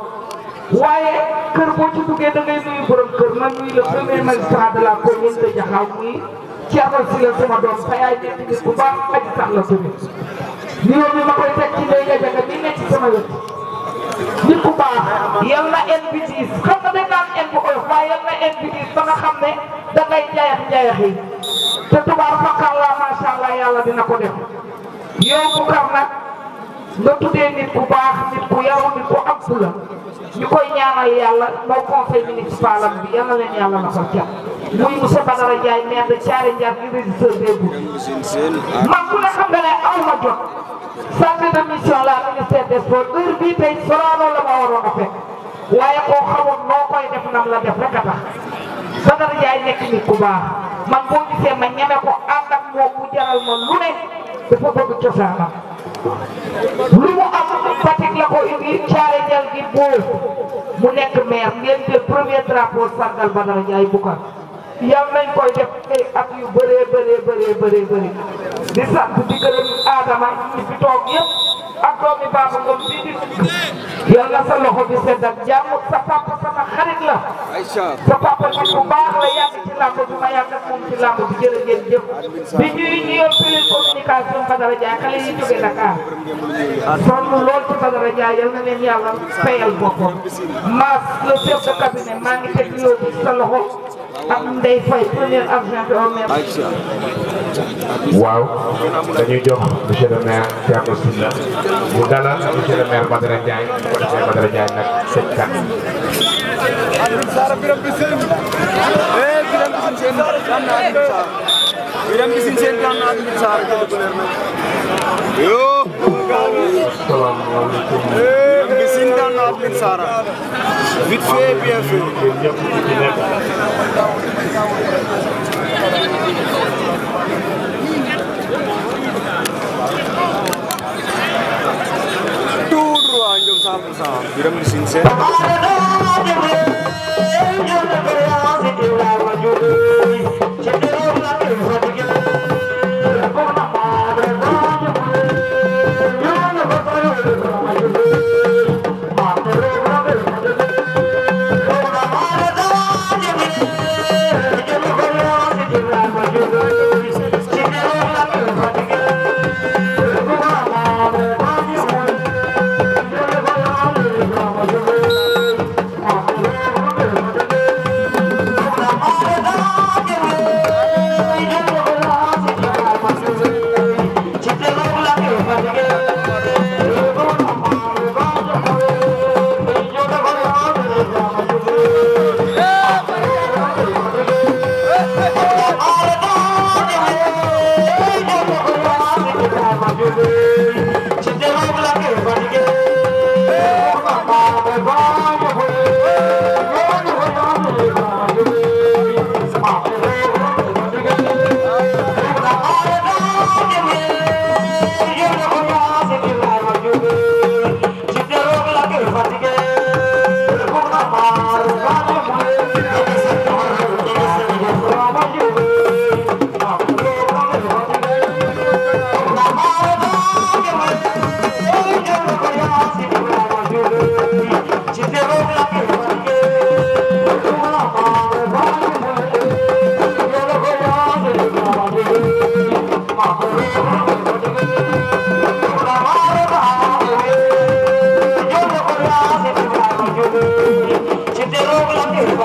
waaye kër boo ci duggee da ngay nuyu kër man nuyu le premier magistrat de la commune de Jaxaaw muy Ceerno si la sama doom sa yaay nekk nit bu baax aji sax la tamit nuyoo bi ma koy teg ci ndey nga jaga mi nekk ci sama wet nit bu baax yal na en bi diis ba nga xam ne da ngay jayax yi te tubaab fakkaar la macha allah yàlla dina ko def yow bu kar nag nga tuddee nit bu baax nit bu yaru nit bu am la ñu koy ñaanal yàlla mooy conseil municipal am bi yàlla leen yàlla na ko jàpp muy monsieur Badara Ndiaye maire de Thiaré Ndiaye di régisseur des Bouches man ku ne xam nga ne aw ma jot chargé de mission la ministère des sports heure bii tey Sorano la ma waroon a fekk waaye koo xamoon noo def nam la def rek a tax Badara Ndiaye nekk ku baax man boo gisee ma ñeme ko ànd ak moom mu jaral lu ne dafa bëgg cosaanam lu mu am Fatick la ko indi caare jal gi boobu mu nekk maire ngeen jël premier drapeau sargal Badara Ndiaye Boucar yam nañ koy def ay at yu bëree bëree bëree bëree bëri di sant di gërëm Adama ñi fi toog yëpp a doomi Baba Ngom bii di tudd yal na sa loxo bi sedd ak jàmm sa papa sama xarit la sa baax la yàgg ci làmb bi ma yàgg ak moom ci làmb bi jërë ngeen jëf bi ñuy ñu yor pili communication Badara Ndiaye xale yi lool ci Badara Ndiaye yal na leen yàlla fayal boppam maas le chef de cabinet maa ngi teg yooyu sa loxo am day fay premier argent au maire. waaw dañuy jox monsieur le maire Thierno Sylla mu dalal monsieur le maire Badara Ndiaye bu ko defee Badara Ndiaye nag sëñ kat. salaamaaleykum. King down na Apin Sara. Vite fait et bien fait. Tout droit, Njom Sampusa. Biram di sincere.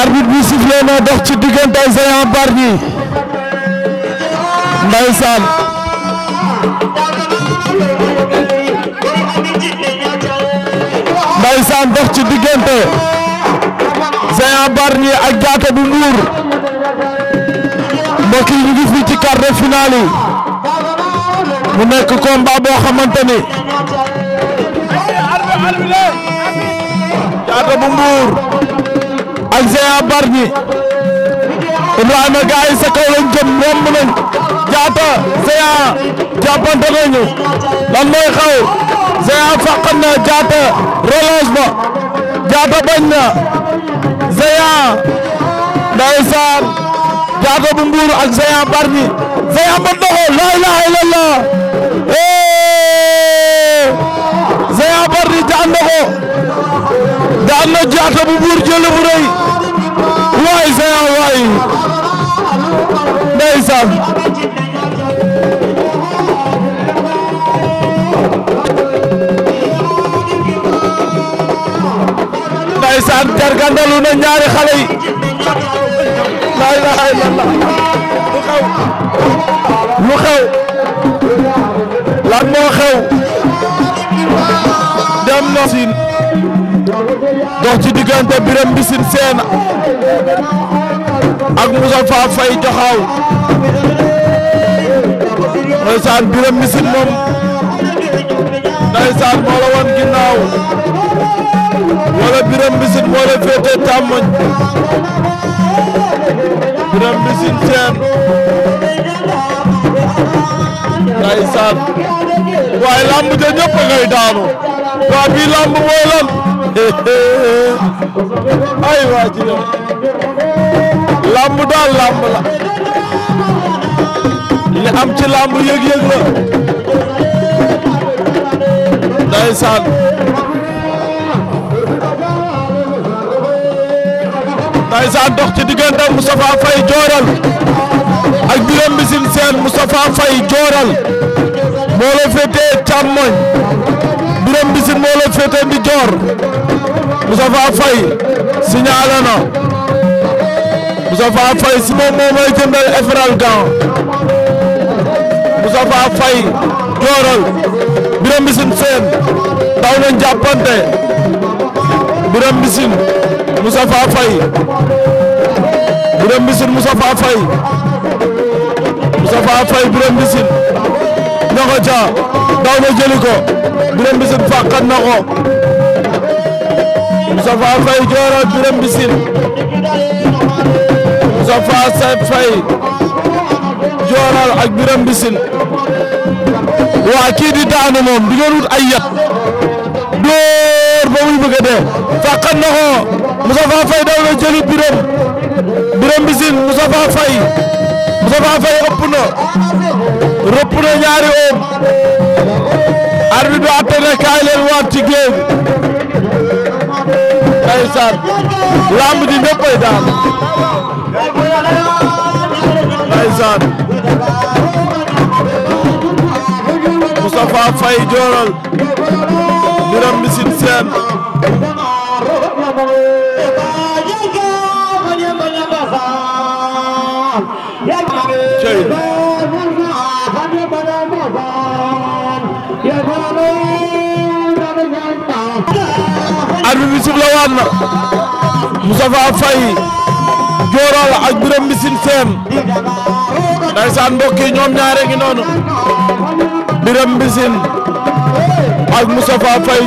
arbitre bi sifflé na dox ci diggante Géant Bargny ndeysaan ci diggante Géant Bargny ak Jaaka bu Mbuur mbokk yi ñu ngi fii ci quart de finale yi mu nekk combat ak Géant Bargny Ibrahima gaay sa kaw lañ jëm romb nañ jaata Géant jàppante nañu lan mooy xaw Géant fàq na jaata relance ba jaata bañ na Géant ndeysaan jaata bu mbuur ak Géant Bargny Géant mën na ko la ilaha illallah Géant Bargny daan na ko daan na jaata bu mbuur jël bu rëy waay Géant waay ndeysaan ndeysaan tergandalu na ñaari xale yi la ilaha illallah lu xew dem na dox ci diggante Birame Mbissine Sène ak Moustapha Faye Diakhao ndeysaan Birame Mbissine moom ndeysaan moo la woon ginnaaw wala Birame Mbissine moo la féete tàmmoñ Birame Mbissine Sène ndeysaan waaye lamb ja ñëpp ngay daanu waa bii lamb mooy lan ay waa ji la làmb daal làmb la li am ci làmb yëg-yëg la ndeysaan ndeysaan dox ci diggante Moustapha Faye Dioral ak Birame Mbissine Sène Moustapha Faye Dioral moo la féetee càmmoñ Birame Mbissine moo la féetee ndijoor Moustapha Faye signalé na Moustapha Faye si moom moo may jëndal Eferal Gant Moustapha Faye Diorol Birame Mbissine Sène daw nañ jàppante Birame Mbissine Moustapha Faye Birame Mbissine Moustapha Faye Moustapha Faye Birame Mbissine ñoo ko ca daw na jëli ko Birame Mbissine Moustapha Faye Dior ak Birame Mbissine Moustapha Faye Dior ak Birame waa kii di di nga wut ay yat door ba muy bëgg a dee daw na jëli Birame Birame Mbissine Moustapha Faye ñaari oom arbitre bi àtte na kaay leen waat ci géew ndeysaan lamb ji ñëppay daan ndeysaan Moustapha Faye Diorol Biram Mbissine Sène sifla waat na Moustapha Faye ak Birame Mbissine Sène ndaysaan mbokk ñoom ñaare ngi noonu Birame Mbissine ak Moustapha Faye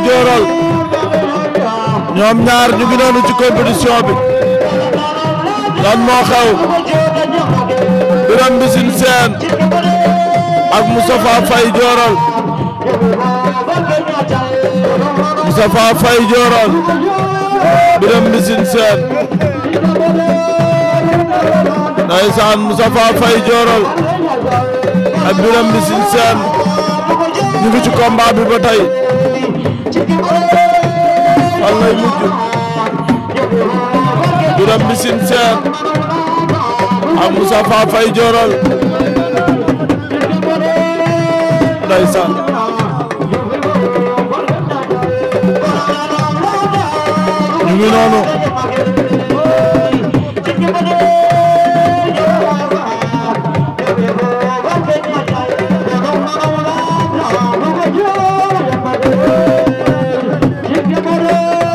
ñoom ñaar ñu ngi noonu ci compétition bi lan moo xew Birame Mbissine Sène ak Moustapha Moustapha Faye Dioral Birame Mbissine Sène ndeysaan Moustapha Faye Dioral ak Birame Mbissine Sène ñu ngi ci combat bi ba tey fan lay mujj Birame Mbissine Sène ak Moustapha Faye Dioral ndeysaan ngi noonu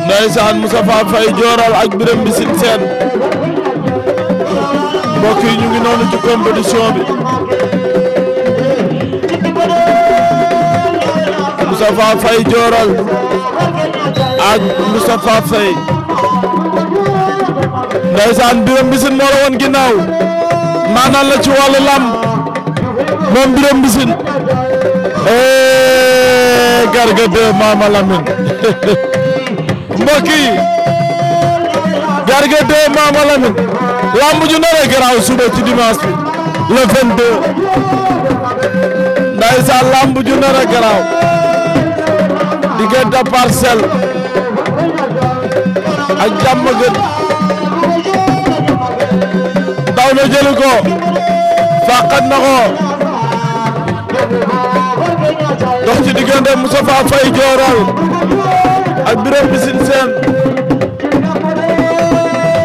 ndeysaan Moustapha Faye Dioral ak Birame Mbissine Sène mbokk yi ñu ngi noonu ci ak Moustapha Faye ndeysaan Birame Mbissine moo la woon la ci wàllu lamb moom Birame Mbissine eh, Garga 2 Mama Lamine mbokk Garga 2 Mama Lamine lamb ju nar a garaaw suba ci dimanche bi le 22 ndeysaan lamb ju nar a diggante Parcelles ak Diamaguène daw na jëli ko na ko dox ci diggante Moustapha Faye Dioral ak Birame Mbissine Sène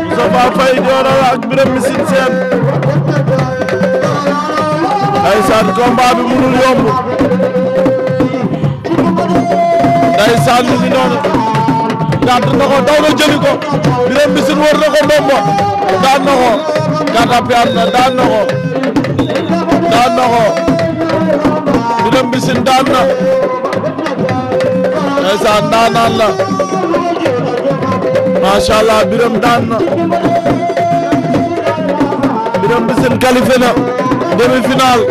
Moustapha Faye Dioral ak Birame Mbissine Sène ay saan combat bi mënul yomb ndeysaan mi ngi noonu gàtt na daw na jëli ko Birame Mbissine na ko ndombo daan na ko gàtt ab na daan na daan na ko Birame daan na ndeysaan daan naan la macha allah daan na Birame Mbissine qualifié na demi-finale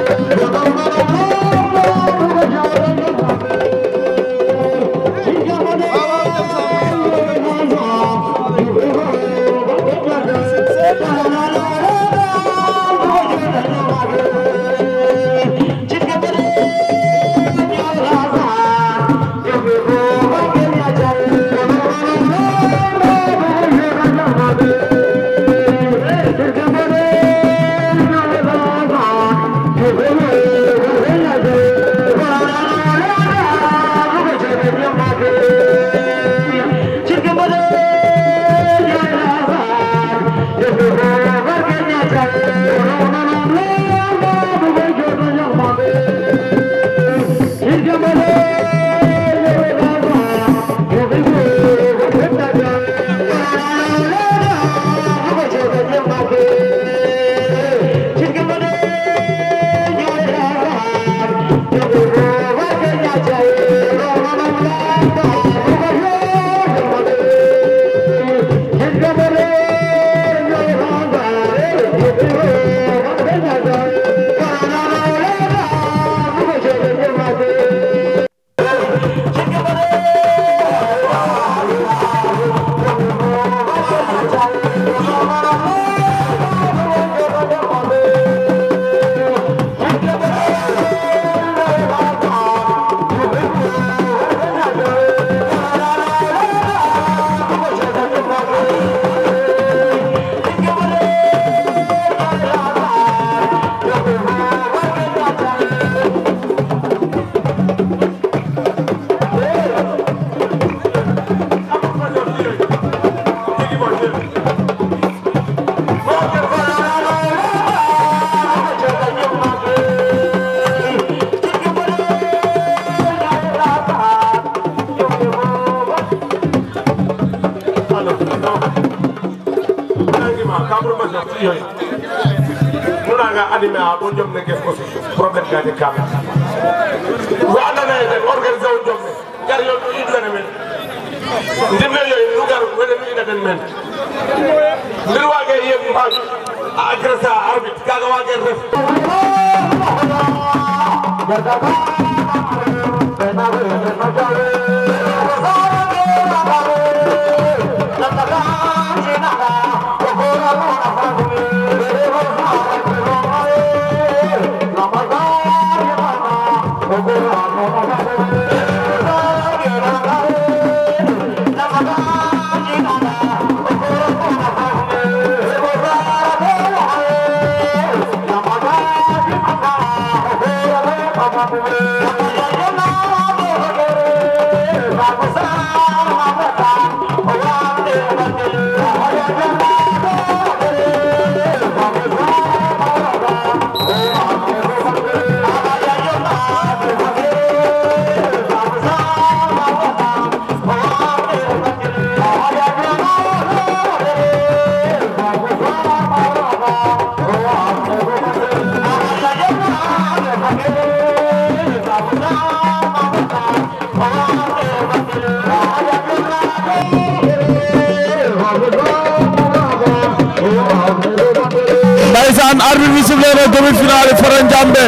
ndaysaan arbitre bi sifflé na demi-finale Fara Njambe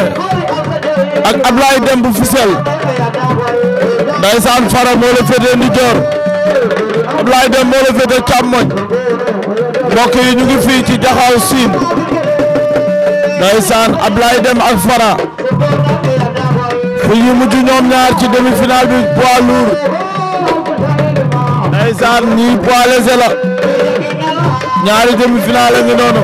ak Ablaye Demb Fissel ndaysaan Fara moo la féetee ndijoor Ablaye Demb moo la féetee càmmoñ mbokk ñu ngi fii ci Jaxaaw Siin ndaysaan Ablaye Demb ak Fara fu ñu mujj ñoom ñaar ci demi-finale bi poids lourd ñii poids léger ñaari demi-finale ngi noonu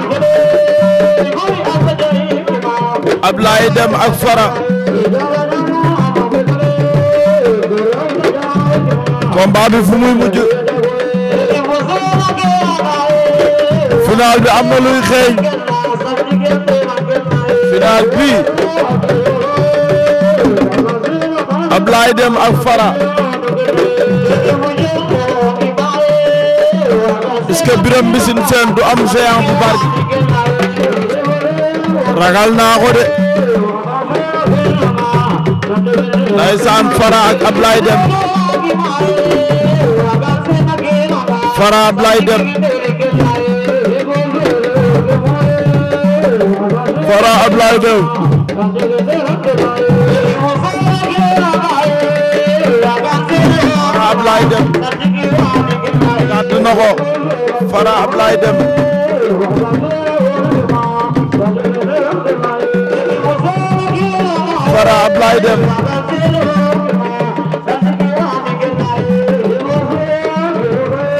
Ablaye Deme ak Fara combat bi fu muy mujj final bi am xeeñ final bi Ablaye Deme ak Fara est-ce que Birame Mbissine Sène am géant ragal naa ko de ndaysaan Fara ak Ablaye Dem Fara Ablaye Dem Fara Ablaye Dem Fara Ablaye Dem gàtt na ko Fara Ablaye Dem Fara Ablaye Deme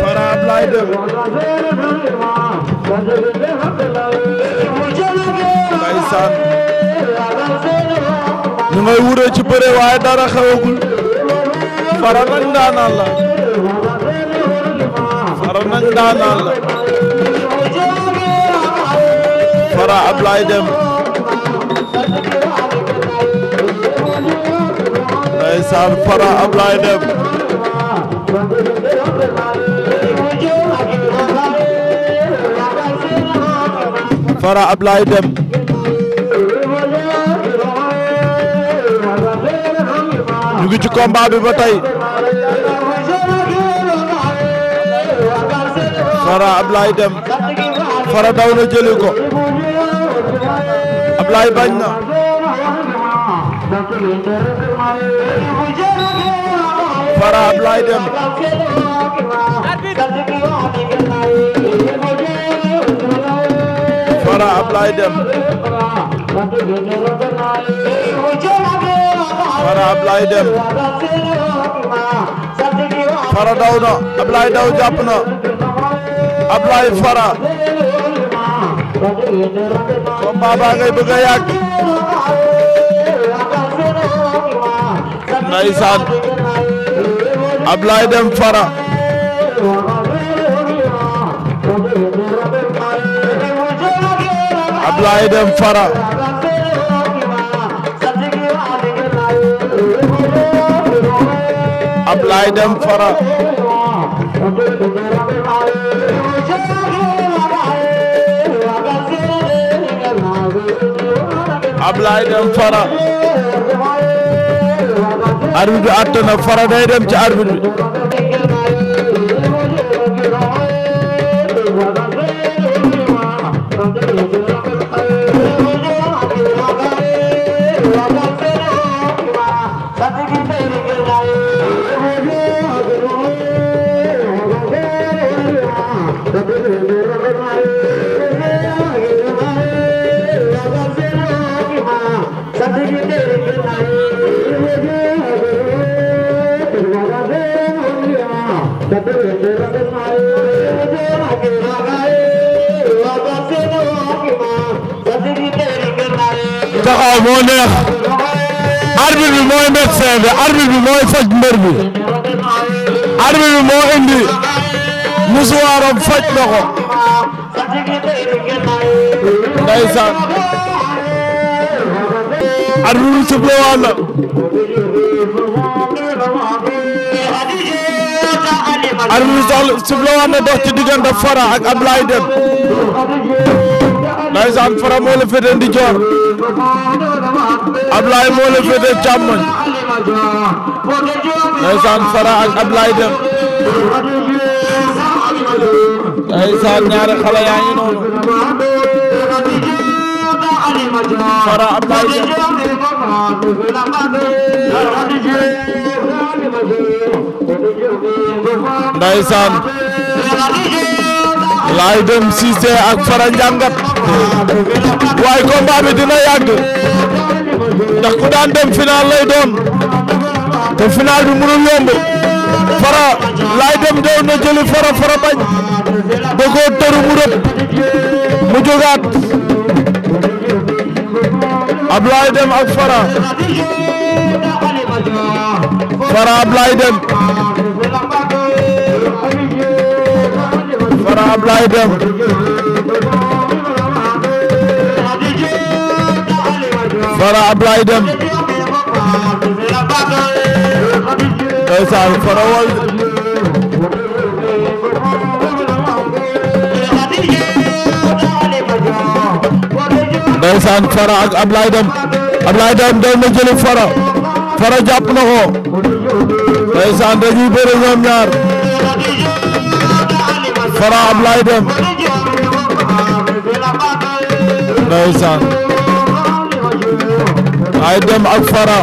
Fara Ablaye ci bëre Fara nag ndeysaan Fara Ablaye Dem Fara Ablaye Dem ñu ngi ci combat bi ba tey Fara Ablaye Dem Fara daw na jëli ko Ablaye bañ na Para Ablaye Deme Para Ablaye Deme Fara daw na Ablaye daw jàpp na Ablaye Fara combat baa ngay bëgg a yàgg ndeysaan Ablaye Deme Fara Ablaye Deme Fara Ablaye Deme Fara Ablaye Deme Fara arbitre bi àtte na fara day dem ci arbitre bi waaw moo neex bi mooy médecin bi arbitre bi mooy faj mbër bi arbitre faj na ko ndeysaan bi suble waa na arbitre bi suble waa na dox Fara ak Ablaye Deme Ablaye moo la féete càmmoñ ndeysaan Fara ak Ablaye dem ndeysaan ñaari xale yaa ngi noonu Fara Ablaye dem ndeysaan laay dem Cissé ak Fara Ndiangat waaye combat bi dina yàgg ndax ku daan dem final lay te final bi mënul yomb fara laay dem daw na jëli fara fara bañ da koo tëru mu rëpp mu jógaat fara fara Ablaay fara Ablaay dem Fara Ablaye Fara wal ndeysaan Fara ak Ablaye Fara Fara jàpp na ko ndeysaan dañuy bëre ñoom Fara Ablaye Deme ay dem ak fara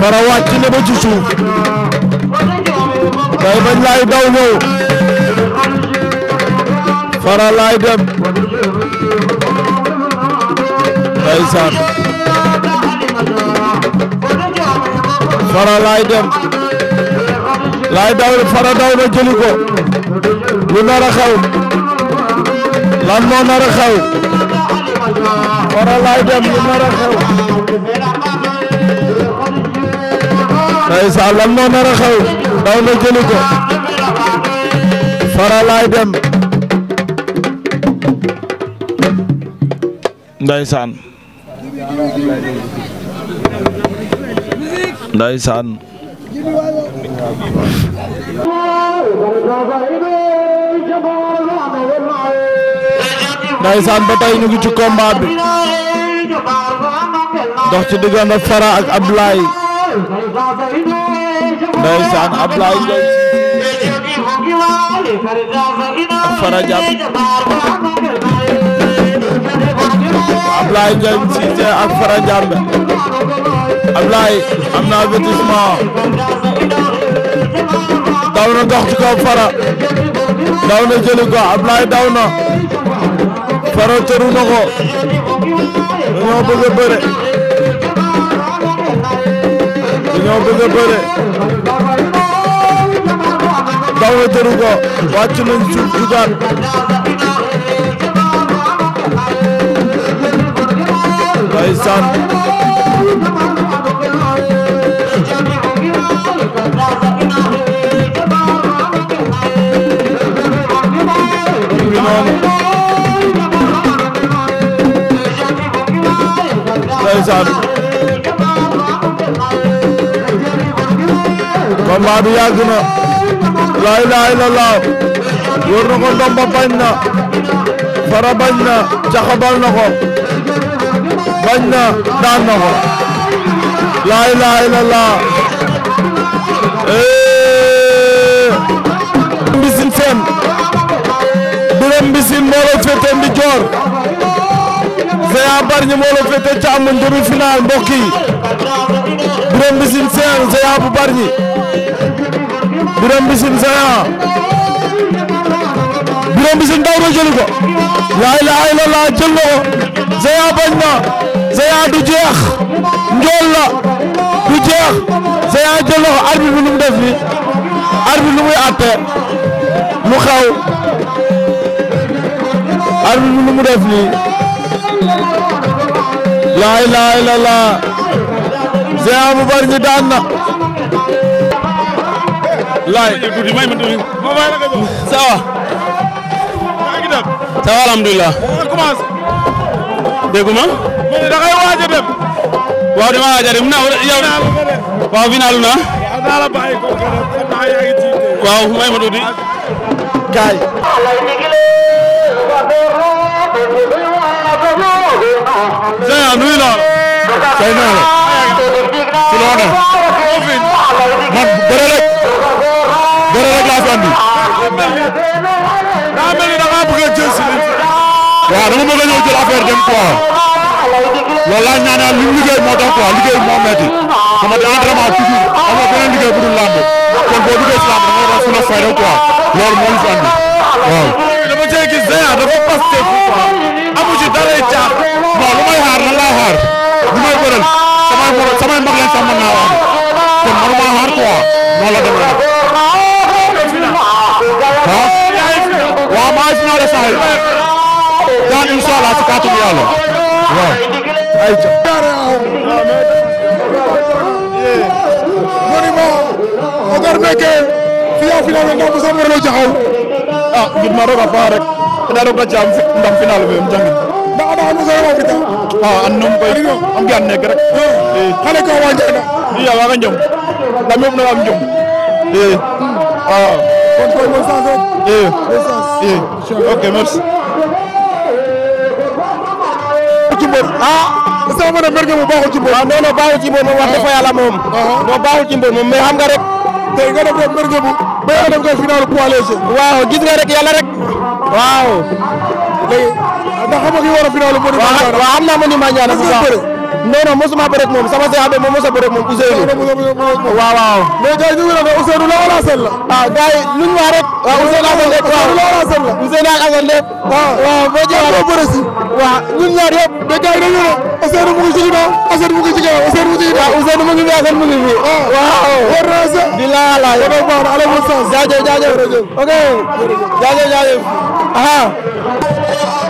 fara wàcc na ba day bañ laay daw fara laay dem ndeysaan fara laay dem laay na jëli a lan moo nar a wara lay dem lu ndaysaan ba tey ñu ngi ci combat bi dox ci diggante Fara ak Ablaye ndaysaan Ablaye Ndiaye ak Fara jàpp Ablaye Ndiaye Cissé ak Fara Diambe Ablaye am na avertissement daw na dox ci kaw Fara daw na jëli ko Ablaye daw na Faro tëru na ko dañoo bëgg a bëre dañoo bëgg a bëre daw na tëru ko wàcc nañ suuf jugaat ndeysaan noonu ndeysaan combat bi yàgg na laa ilaaha illallah ko ndomba bañ fara bañ na jaxabal na ko bañ daan na ko laa ilaaha illallah eh. Biram Mbissine moo la féete ndijoor Géant Bargny moo la féete càmmoñ demi-finale mbokk yi Birame Mbissine bu Bargny Birame Mbissine Géant Birame Mbissine daw na jëli ko laa ilaaha illallaah jël na ko Géant la du jeex Géant jël na ko arbitre bi nu mu def nii arbitre lu muy xaw arbitre bi nu mu def laa ilaaha illallaah Géant bu bari ñu daan na laay ça va ça va alhamdulilah dégguma da ngay waaj a dem waaw dama waaj a dem na yow waaw final waaw may ma tuuti kaay Géant nuyu naa la. fay naa la. ci loo ne. man bëre rek. bëre rek laa fi andi. daa mel ni da ngaa bëgg a jël si liñ. waaw dama bëgg a ñëw jël affaire dem quoi. loolu li mu liggéey moo tax quoi liggéey moo metti. xam nga entraînement toujours na beneen liggéey bu dul si làmb da ngay def suñu fayda quoi. loolu moo xaar ñu may bëral samay morom samay mag lañ sax mën naa wax kon mënuma xaar quoi noonu la demee ah waaw maa ngi finale sax yi daan incha allah si kàttanu yàlla waaw. monument ogar meke fiya final nga musa warlo jaxaw ah gidma roga fa rek ina roga jam ndam final fe um jangin a an num koy am gan nekk rek xale ko wa jega iya waga njom nda mi fop na waag njom i a kon koy bon sens rek i i ok merci Jimbor ah sama mën a merge mu baaxul Jimbor waaw non non baaxul Jimbor moom wax dafa yàlla moom non baaxul Jimbor moom mais xam nga rek tey nga def merge bu ba nga def nga final poids léger waaw gis nga rek yàlla rek waaw léegi ndax xam nga ki war a final bu waaw waaw xam naa ma ni ma ñaan bu baax non non mosuma bëre ak moom sama CAB moom mos a bëre ak moom Ousseynou waaw waaw mais gars yi ñu ngi rafet Ousseynou la wala sel la ah gars yi luñ wax rek waaw Ousseynou ak Assane waaw la wala sel la Ousseynou ak Assane lépp ah. waaw waaw boo jëlee waaw bëre si waaw ñun ñaar yëpp mais gars yi dañu ne Ousseynou mu ngi ci ginnaaw Assane mu ngi ci ginnaaw Ousseynou mu ngi ci ginnaaw Ousseynou mu ngi fi Assane mu ngi fi ah. waaw war na sa di la la yow baax na ala mo sa jaajëf jaajëf ok jaajëf jaajëf ah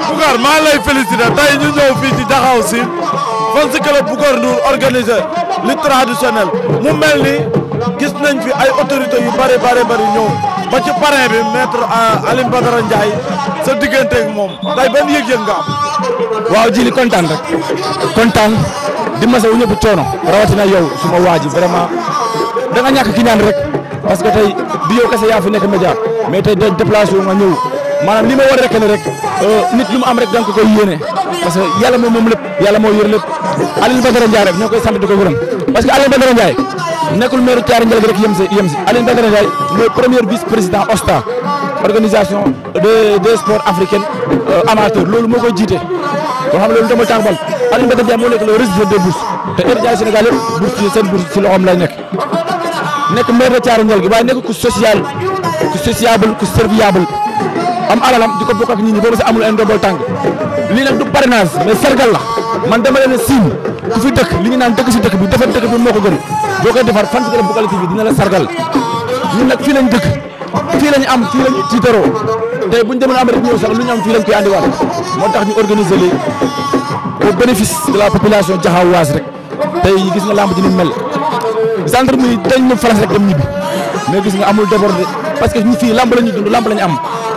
Boucar maa lay féliciter tey ñu ñëw fii ci Jaxaw Siin fan si club Boucar Ndour organiser li traditionnel mu mel ni gis nañ fi ay autorités yu bare bare bari ñëw ba ci parrain bi maître euh, Alioune Badara sa diggante moom tey benn yëg-yëg nga am. waaw ji li kontaan rek kontaan di masa wu ñëpp coono rawatina yow suma waa ji vraiment da nga ñàkk ki ñaan rek parce que tey bi yow kese yaa fi nekk média mais tey day déplacé wu nga ñëw. maanaam li ma war rek ne euh, rek nit lu mu am rek da nga ko koy yéene parce que yàlla moom moom lépp yàlla moo yor lépp Alioune Badara Ndiaye rek koy sant di ko gërëm parce que Alioune Badara Ndiaye nekkul maire Thiaré Ndiaye rek yem si yem si Alioune mooy premier vice président OSTA organisation des des sports africains euh, loolu moo koy jiite. boo xam ne loolu dama tàmbal Alioune Badara Ndiaye moo nekk le résident des bourses te étudiants Sénégal yëpp bourses nekk nekk maire de Thiaré Ndiaye gi waaye nekk ku social ku sociable am alalam di ko bokk ak nit ñi boobu amul ay ndombol tànk lii nag du parrainage mais sargal la man dama leen a ku fi dëkk li ñu naan dëkk si dëkk bi defar dëkk bi moo ko gën boo koy defar fan si gën a Boubacar TV dina la sargal ñun nag fii lañ dëkk fii lañ am fii lañ tiitaroo tey buñ demoon am rek ñëw sax lu ñu am fii lañ koy andiwaat moo tax ñu organiser lii au bénéfice de la population Jaxaaw Waas rek tey gis nga lamb ji ni mel yi lamb la ñuy dund lamb la am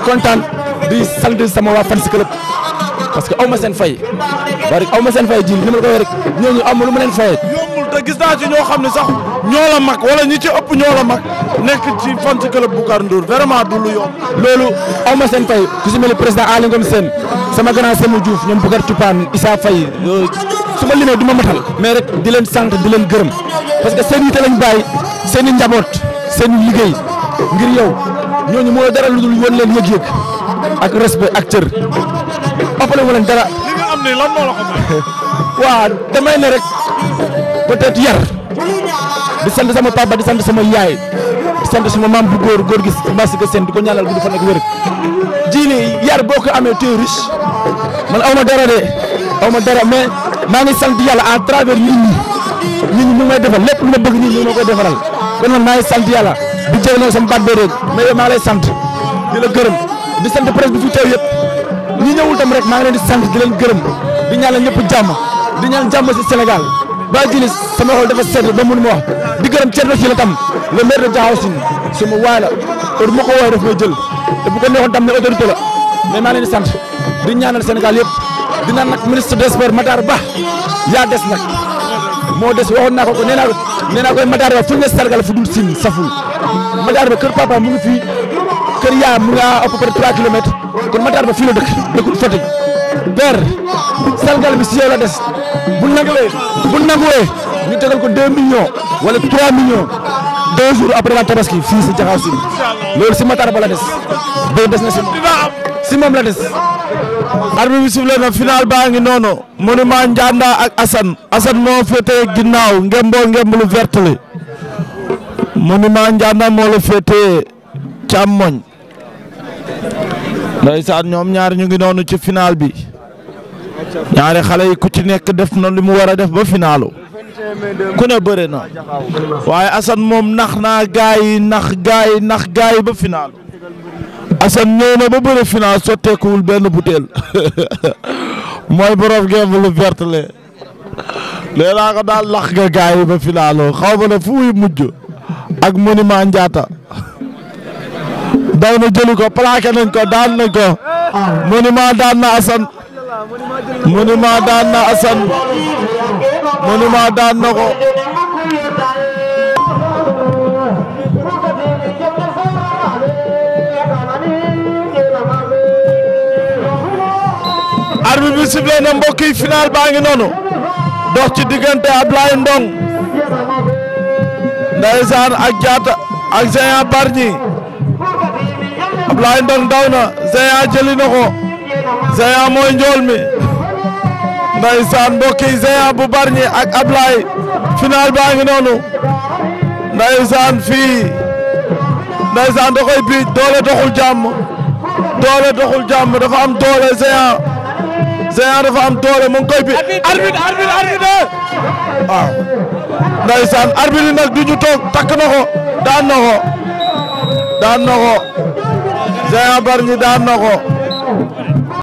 kontaan di sant sama waa fans club parce que aw ma seen fay waaye rek aw ma seen fay ji ni ma la ko waxee rek ñooñu aw ma lu ma leen fayee. yombul te gis naa ci ñoo xam ne sax ñoo la mag wala ñi ci ëpp ñoo la mag nekk ci fans club Boucar Ndour vraiment du lu yomb. loolu aw seen fay ku si mel président Aly Ngom Sène sama grand Sémou Diouf ñoom Boucar Tupaan Issa Faye su ma limee du ma matal mais rek di leen sant di leen gërëm parce que seen yitte lañ bàyyi seen i njaboot seen ñooñu mooy dara lu dul woon leen yëg-yëg ak respect ak cër ëppale wu leen dara. li nga am ni lan moo la ko may. damay ne rek peut-être yar di sant sama papa di sant sama yaay di sant sama maam bu góor góor gis mas ga seen di ko ñaanal gudd fan ak wér. ji nii yar boo ko amee tey riche man aw ma dara de aw ma dara mais maa ngi sant yàlla à travers nit ñi ñu ñi ñu may defal lépp lu ma bëgg nit ñi ma koy defaral kon man maa ngi sant yàlla. bu jëw nag sama baat bee réer mais maa ngi lay sant di la gërëm di sant presse bi fi teew yëpp ñi ñëwul tam rek maa ngi leen di sant di leen gërëm di ñaanal ñëpp jàmm di ñaan jàmm si Sénégal ba jili sama xol dafa sedd ba mun ma di gërëm Thierno Sylla tam le maire de Diakhou Sine suma waay la heure ma ko woowee daf may jël te bu ko neexoon tam ne autorité la mais maa leen di sant di ñaanal Sénégal yëpp di naan nag ministre des sports Matar Ba yaa de nag moo ne sargal fu Matar Ba kër papa mu ngi fii kër yaa mu nga à peu près 3 kilomètres kon Matar Ba fii dëkk dëkkul Fatick ber sargal bi si la des bu nanguwee bu nanguwee ñu tegal ko 2 millions wala 3 millions 2 jours après la tabaski fii si Jaxaaw si loolu si Matar Ba la des boo des na si moom si moom la des. arbitre bi sifflé na final baa ngi noonu monument Ndianda ak Assane Assane moo féetee ginnaaw ngemboo ngemb lu monument Ndianda moo la féetee càmmoñ ndeysaan ñoom ñaari ñu ngi noonu ci final bi ñaari xale yi ku ci nekk def na li mu war a def ba finaalu ku ne bëre na waaye Assane moom nax naa gaa yi nax gaa yi gaa yi ba finaalu Assane ñëw ba bëre final sotteekuwul benn butéel mooy borom ngeen lu verte le léeg ko daal lax nga gaa yi ba finaalu xaw ma ne fu mujj. ak monument Ndiatta daw na jëli ko plaqué nañ daan nañ ko monument na Assane monument na Assane monument na ko arbitre bi na mbokk yi final noonu dox ci diggante Ablaye Ndong ndeysaan ak jaata ak Géant Bargny Ablaye Ndong daw na Géant jëli mooy njool mi ndeysaan mbokk yi Géant ak Ablaye final baa ngi noonu ndeysaan fii ndeysaan da koy biij doole doxul jàmm doole doxul jàmm am doole Géant Géant dafa am doole mu ngi koy biij arbitre arbitre ah. ndeysaan arbitre nag du ñu toog takk na ko daan na ko daan na ko Géant Bargny daan na ko